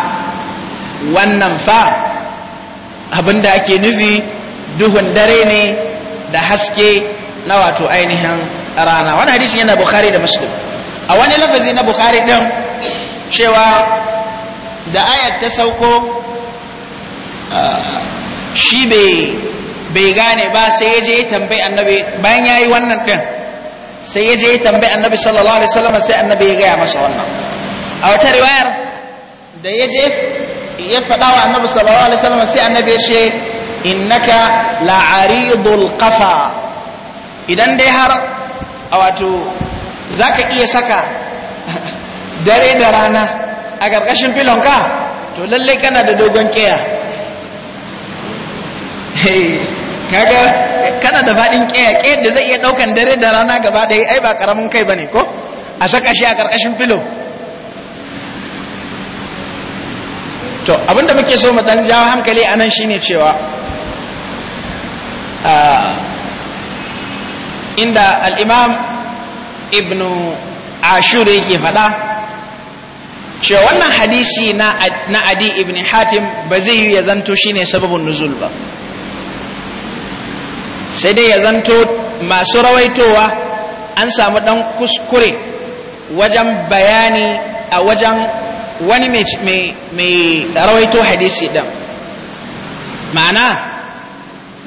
wannan fa abinda ake nufi duhun dare ne da haske na wato ainihin rana wani hadisin yana bukhari da muslim a wani lafazi na bukhari ɗin cewa da ayat ta sauko shi bai gane ba sai ya je ya tambayi annabi bayan ya yi wannan ɗin sai ya je ya tambayi annabi sallallahu alaihi wasallam sai annabi ya gaya masa wannan a wata riwayar da ya je ya faɗa wa annabi sallallahu alaihi wasallam sai annabi ya ce innaka la'aridul qafa idan dai har a wato zaka iya saka dare da rana a ƙarƙashin filonka to lallai kana da dogon ƙeya kaga kana da faɗin ƙeya da zai iya ɗaukan dare da rana gaba ɗaya ai ba karamin kai bane ko a saka shi a karkashin filo to abinda muke so mu dan jawo hankali anan nan shine cewa inda al-imam ibn ashur yake faɗa cewa wannan hadisi na adi ibn hatim ba zai yi ya zanto shine sababin nuzul ba sai dai ya zanto masu rawaitowa an samu ɗan kuskure wajen bayani a wajen wani mai rawaito hadisi ɗan ma'ana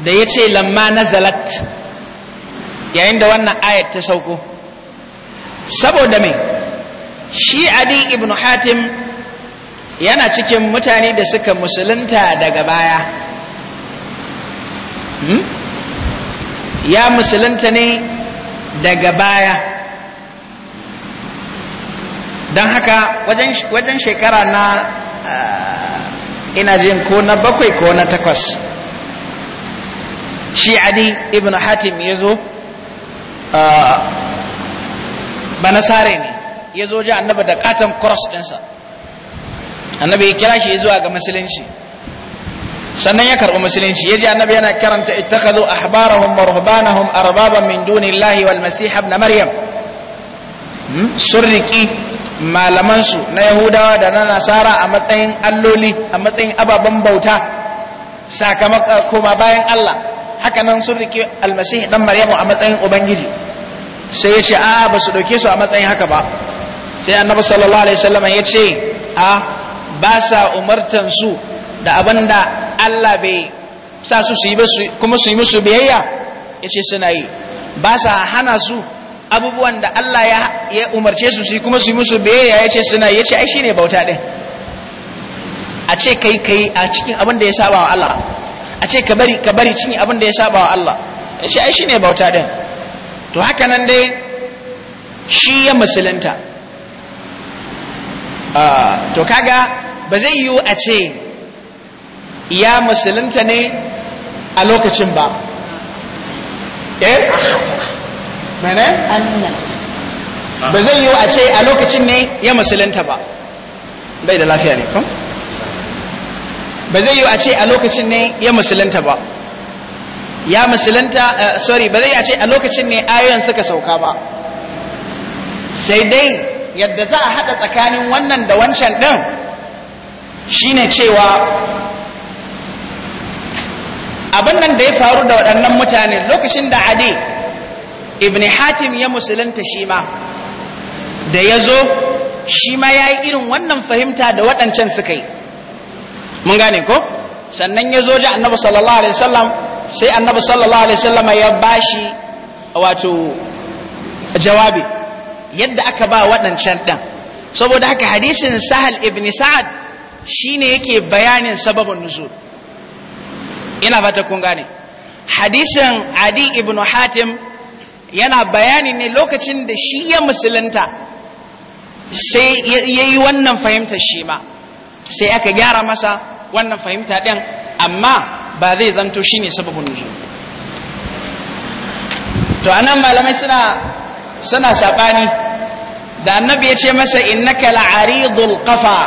da ya ce lamma na zalat yayin da wannan ayat ta sauko saboda mai shi adi ibn hatim yana cikin mutane da suka musulunta daga baya hmm? ya musulunta ne daga baya don haka wajen shekara na eh, ina jin ko na bakwai ko na takwas shi adi ibn hatim ya zo eh, ba nasare ne ya zo ji annaba da katon cross ɗinsa annaba ya kira shi zuwa ga musulunci sannan ya karɓi musulunci ya ji annabi yana karanta ittakhadhu ahbarahum wa ruhbanahum arbaban min dunillahi wal masih ibn maryam hmm? surriki malaman su na yahudawa da na nasara a matsayin alloli a matsayin ababen bauta sakamakon koma bayan Allah haka nan surriki almasih dan maryamu a matsayin ubangiji sai ya ce a ba su dauke su a matsayin haka ba sai annabi sallallahu alaihi wasallam ya ce a ba sa umartan su da abinda Allah bai sa su su yi kuma su yi musu biyayya ya ce suna yi ba sa hana su abubuwan da Allah ya umarce su su yi kuma su yi musu biyayya ya ce suna yi ya ce ai shine bauta din a ce kai kai a cikin abin da ya saba wa Allah a ce ka bari ka bari cikin abin da ya saba wa Allah ya ce ai shi ne bauta din. to haka nan dai shi ya musulunta ah, to kaga ba zai yiwu a ce ya musulunta ne a lokacin ba eh mene annan ba zai yi a ce a lokacin ne ya musulunta ba bai da lafiya ne kun ba zai yi a ce a lokacin ne ya musulunta ba ya musulunta eh, sorry ba zai yi a ce a lokacin ne ayoyin suka sauka ba sai dai yadda za a haɗa tsakanin wannan da wancan ɗin shine cewa abin nan da ya faru da waɗannan mutane lokacin da adi ibn hatim ya musulunta shi ma da ya zo shi ma ya yi irin wannan fahimta da waɗancan suka yi mun gane ko sannan ya zo ji annabi sallallahu alaihi wasallam sai annabi sallallahu alaihi wasallam ya bashi wato jawabi yadda aka ba waɗancan ɗan saboda haka hadisin sahal ibn sa'ad shine yake bayanin sababin nuzul ina fata kun gane hadisin adi ibn hatim yana bayani ne lokacin da shi ya musulunta sai ya yi wannan fahimtar shi ma sai aka gyara masa wannan fahimta ɗin amma ba zai zanto shi ne sababin nuzul to anan malamai suna suna saɓani da annabi ya ce masa innaka la'aridul qafa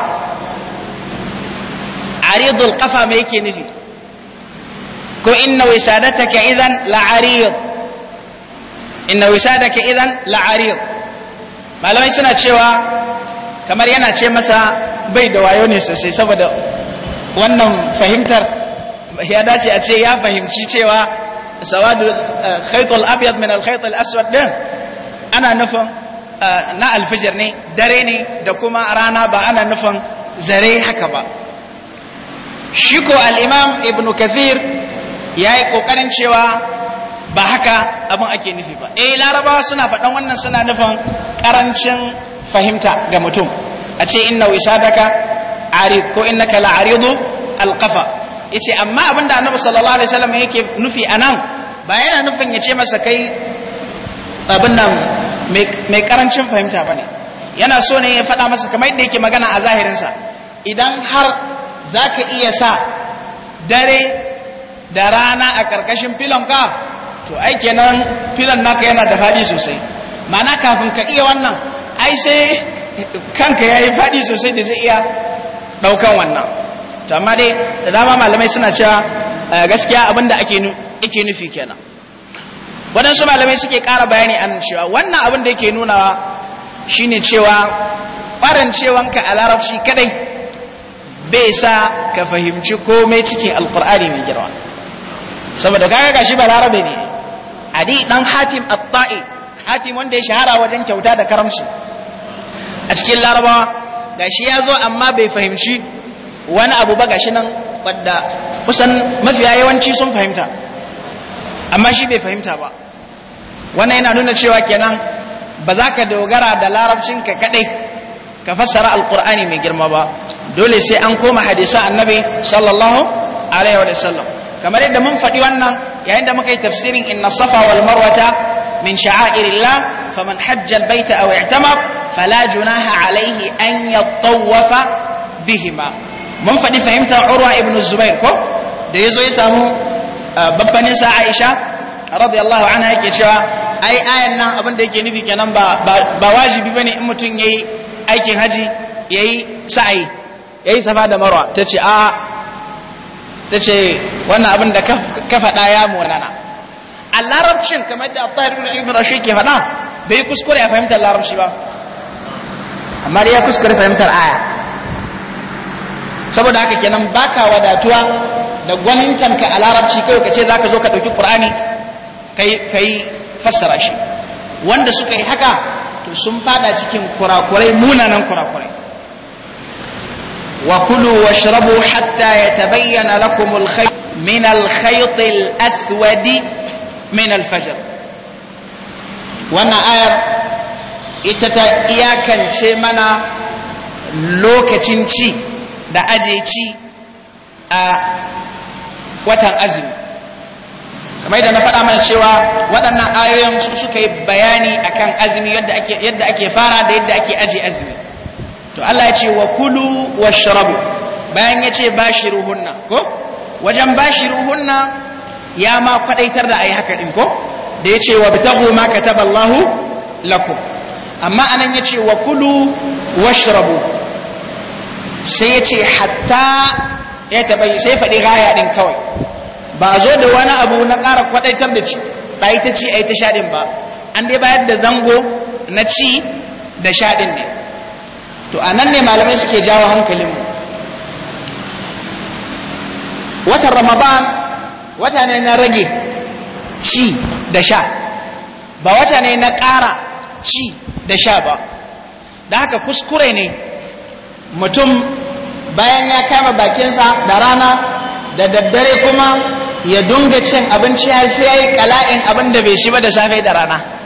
aridul ƙafa me yake nufi ko inna wisadataka idan la'arid inna wisadaka idan la'arid malamai suna cewa kamar yana ce masa bai da wayo ne sosai saboda wannan fahimtar ya dace a ce ya fahimci cewa sawadu eh, khaitul abyad min al aswad din ana nufin eh, na alfijir ne dare ne da kuma rana ba ana nufin zare haka ba Shiko al-imam ibn kathir ya yi ƙoƙarin cewa ba haka abin ake nufi ba eh larabawa suna faɗan wannan suna nufin ƙarancin fahimta ga mutum a ce inna wisadaka arid ko innaka la'aridu alqafa yace amma abin da annabi sallallahu alaihi wasallam yake nufi anan ba yana nufin ya ce masa kai abin nan mai karancin fahimta bane yana so ne ya faɗa masa kamar yadda yake magana a zahirinsa idan har zaka iya sa dare da rana a karkashin filon ka to ai kenan filon naka yana da faɗi sosai mana kafin ka iya wannan ai sai kanka ya yi faɗi sosai da zai iya ɗaukan wannan to amma dai da dama malamai suna cewa eh, gaskiya abinda ake nufi kenan waɗansu malamai suke ƙara bayani an cewa wannan abin da yake nunawa shine cewa ka a larabci kadai bai sa ka fahimci komai cikin alƙur'ani mai girma saboda gaga gashi balarabe ne adi dan hatim at-ta'i hatim wanda ya shahara wajen kyauta da karamci a cikin larabawa gashi ya zo amma bai fahimci wani abu ba gashi nan wadda kusan mafiya yawanci sun fahimta amma shi bai fahimta ba wannan yana nuna cewa kenan ba za ka dogara da larabcinka kadai ka fassara alkur'ani mai girma ba dole sai an koma hadisan annabi sallallahu alaihi wa sallam kamar yadda mun faɗi wannan yayin da muka yi tafsirin inna safa wal marwata min sha'airillah faman hajja al baita aw i'tamar fala junaha alayhi an yatawafa bihima mun faɗi fahimta urwa ibn zubair ko da yazo ya samu ah, babbanin sa aisha radiyallahu anha yake cewa ai ayan nan abin da yake nufi kenan ba ba wajibi bane in mutun yayi aikin haji yayi sa'i yayi safa da marwa tace a ta ce wannan abin da ka faɗa ya munana a larabcin kamar da abtahir ibn ibn ke faɗa bai kuskure a fahimtar larabci ba amma dai ya kuskure fahimtar aya saboda haka kenan baka wadatuwa da gwanintanka a larabci kai ka ce zaka zo ka ɗauki qur'ani kai kai fassara shi wanda suka yi haka to sun fada cikin kurakurai munanan kurakurai وكلوا واشربوا حتى يتبين لكم الخيط من الخيط الأسود من الفجر وانا آير اتتا اياكا تشيمنا لوكا تنشي دا اجي تشي آه، واتا ازم كما اذا نفعل من شوى وانا آير يمسوسو كي بياني اكان ازم يد اكي يد اكي فارا دا يد اكي اجي ازم to Allah ya ce wa kulu washrabu bayan ya ce bashiruhunna ko wajen bashiruhunna ya ma kwadaitar da ayi haka din ko da ya ce wa bitahu ma kataballahu lakum amma anan ya ce wa kulu washrabu sai ya ce hatta ya tabayi sai faɗi gaya din kawai ba zo da wani abu na ƙara kwadaitar da ci ba ta ci a ta shaɗin ba an dai bayar da zango na ci da shaɗin ne to a nan ne malamai suke jawo hankalinmu watan ramadan wata ne na rage ci da sha ba wata ne na ƙara ci da sha ba da haka kuskure ne mutum bayan ya kama bakinsa da rana da daddare kuma ya dunga cin abinci sai ya yi kala'in abin da bai shi ba da safe da rana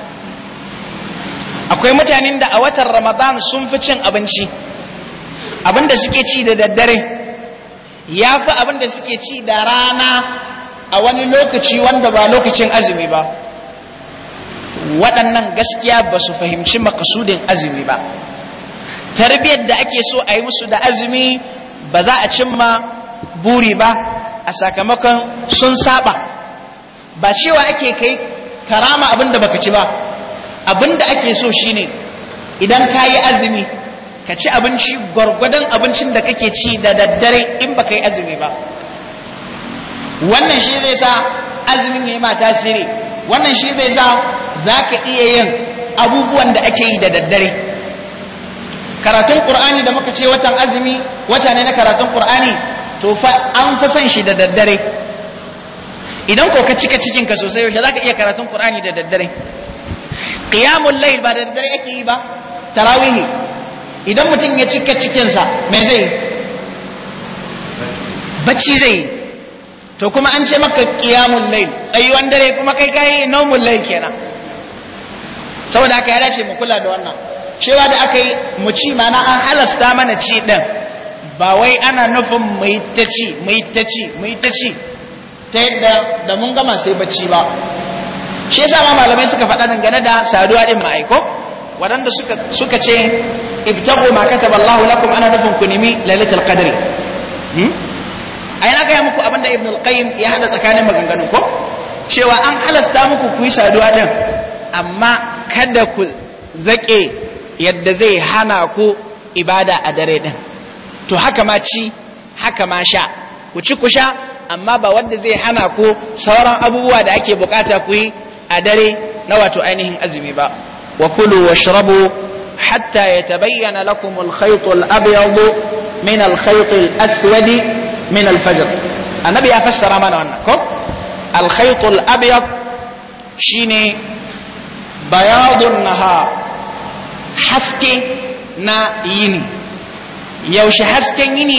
akwai mutanen da a watan ramadan sun fi cin abinci abinda suke ci da daddare ya fi abinda suke ci da rana a wani lokaci wanda ba lokacin azumi ba waɗannan gaskiya ba su fahimci makasudin azumi ba tarbiyyar da ake so a yi musu da azumi ba za a cimma buri ba a sakamakon sun saba ba cewa ake kai karama abinda baka ci ba abinda ake so shine idan kayi azumi ka ci abinci gwargwadon abincin da kake ci da daddare in ba ka yi azumi ba wannan shi zai sa azumin ya yi ma tasiri wannan shi zai sa za ka iya yin abubuwan da ake yi da daddare karatun ƙur'ani da muka ce watan azumi wata ne na karatun ƙur'ani to an fi son shi da daddare idan ko ka cika cikinka sosai yaushe zaka iya karatun ƙur'ani da daddare qiyamul layl ba da dare ake yi ba tarawihi idan mutum ya cika cikinsa me zai yi bacci zai yi to kuma an ce maka qiyamul layl tsayuwan dare kuma kai kai naumul layl kenan saboda haka ya dace mu kula da wannan cewa da aka yi mu ci mana an halasta mana ci din ba wai ana nufin mu yi ta ci mu yi ta ci mu yi ta ci ta yadda da mun gama sai bacci ba shi yasa ma malamai suka faɗa dangane da saduwa din ma'aiko waɗanda suka suka ce ibtagu ma kataba Allah lakum ana nufin ku nemi lailatul qadr hmm ai na ga muku abinda ibn al-qayyim ya hada tsakanin maganganun ko cewa an halasta muku ku yi saduwa din amma kada ku zake yadda zai hana ku ibada a dare din to haka ma ci haka ma sha ku ci ku sha amma ba wanda zai hana ku sauran abubuwa da ake bukata ku yi a dare na wato ainihin azumi ba wa kulu washrabu hatta yatabayyana lakum al-khayt al-abyad min al-khayt al-aswad min al-fajr annabi ya fassara mana wannan ko al-khayt al-abyad shine bayadun haske na yini yaushe hasken yini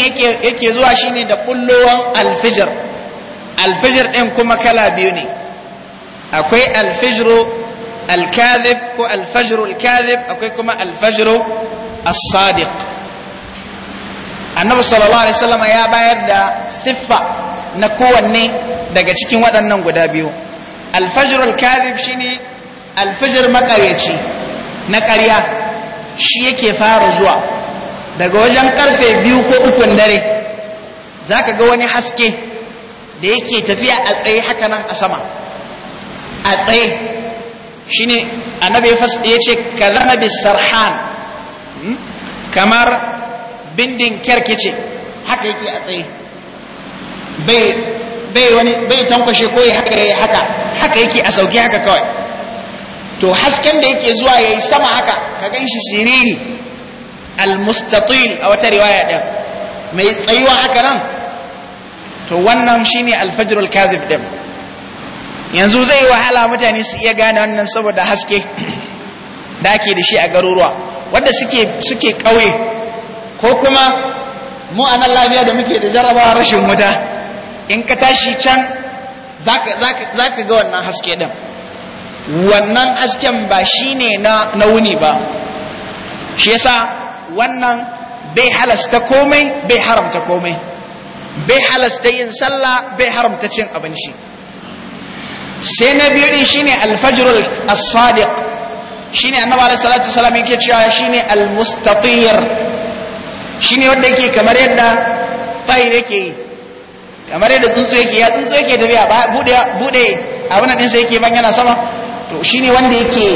yake zuwa shine da bullowan alfijir alfijir ɗin kuma kala biyu ne akwai alfijiro alkazib ko alfajiro alkazib akwai kuma alfajiro as annabi sallallahu alaihi wasallam ya bayar da siffa na kowanne daga cikin waɗannan guda biyu alfajiro alkazib shine alfajir makareci na ƙarya shi yake fara zuwa daga wajen karfe biyu ko ukun dare zaka ga wani haske da yake tafiya a tsaye haka nan a sama a tsaye shine annabi ya ce ka zama bisarhan hmm? kamar bindin kyarkice haka yake a tsaye bai tankwashe ko haka haka haka yake a sauki haka kawai to hasken da yake zuwa yayi sama haka ka ganshi siriri almustatil a wata riwaya din mai tsayuwa haka nan to wannan shine alfajrul kazib ɗin yanzu zai yi wahala mutane su iya gane wannan saboda haske da ake da shi a garuruwa wanda suke suke ko kuma mu a nan lafiya da muke da jarabawa rashin wuta in ka tashi can za ka ga wannan haske ɗin wannan hasken ba shi ne na wuni ba shi yasa wannan bai halasta komai bai haramta komai bai halasta yin sallah bai haramta cin abinci sai na biyu din shine alfajrul as-sadiq shine annabi alaihi salatu wasallam yake cewa shine al-mustatir shine wanda yake kamar yadda fai yake kamar yadda tsuntsu yake ya tsuntsu yake tafiya ba bude bude abin nan sai yake ban yana sama to shine wanda yake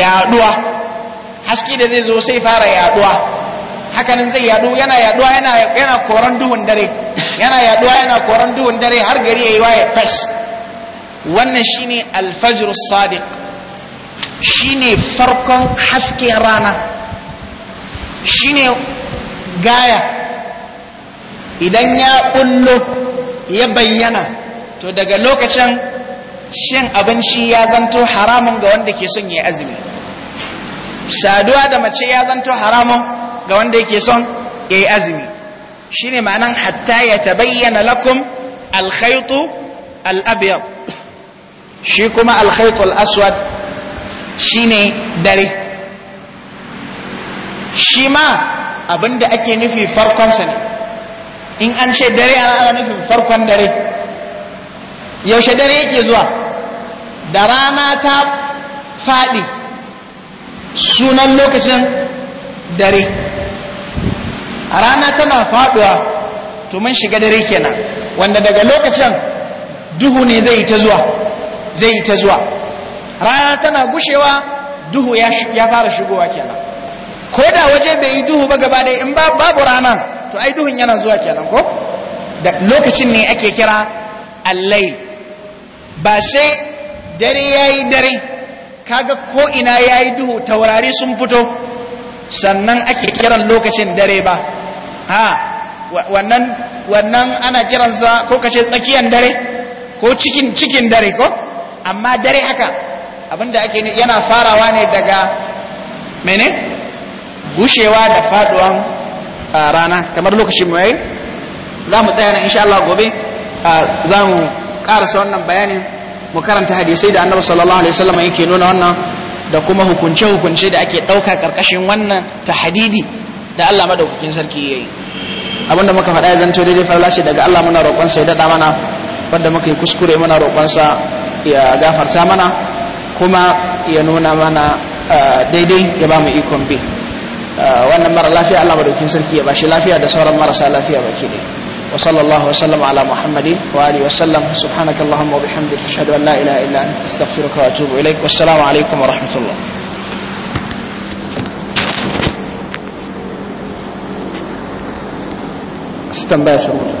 yaduwa haske da zai zo sai fara yaduwa hakanan zai yadu yana yaduwa yana yana koran duhun dare yana yaduwa yana koran duhun dare har gari yayi waye fas wannan shine alfajr sadiq shine farkon hasken rana shine gaya idan ya kullo ya bayyana to daga lokacin shin abinci ya zanto haramun ga wanda ke son ya azumi saduwa da mace ya zanto haramun ga wanda yake son ya yi azumi shine ma'anan hatta ya tabayyana lakum alkhaitu al-abyad shi kuma alkhaitul aswad shine dare shi ma abinda ake nufi farkonsa ne in an ce dare ana nufin farkon dare yaushe dare yake zuwa da rana ta faɗi sunan lokacin dare rana tana faɗuwa to mun shiga dare kenan wanda daga lokacin duhu ne zai ta zuwa zai yi ta zuwa rana tana gushewa duhu ya fara shigowa kenan ko da waje bai yi duhu ba gaba da in babu rana to ai duhun yana zuwa kenan ko da lokacin ne ake kira allai ba sai dare ya yi dare kaga ko ina yi duhu taurari sun fito sannan ake kiran lokacin dare ba ha wannan ana kiransa ko kace tsakiyar dare ko cikin cikin dare ko amma dare haka abinda ake yana farawa ne daga mene gushewa da faduwan rana kamar lokacin mai za mu tsaya na insha Allah gobe za mu karasa wannan bayanin mu karanta hadisai da annabi sallallahu alaihi wasallam yake nuna wannan da kuma hukunce hukunce da ake dauka karkashin wannan tahdidi da Allah madaukakin sarki yayi abinda muka faɗa ya zanto daidai da ce daga Allah muna roƙon sai da mana wanda muka yi kuskure muna roƙonsa ya gafarta mana kuma ya nuna mana daidai ya ba mu ikon bi wannan mara lafiya Allah madaukin sarki ya bashi lafiya da sauran marasa lafiya baki ne wa sallallahu wa sallam ala muhammadin wa alihi wa sallam subhanaka allahumma wa bihamdika ashhadu an la ilaha illa anta astaghfiruka wa atubu ilaik wassalamu alaikum wa rahmatullah tambaya su mutu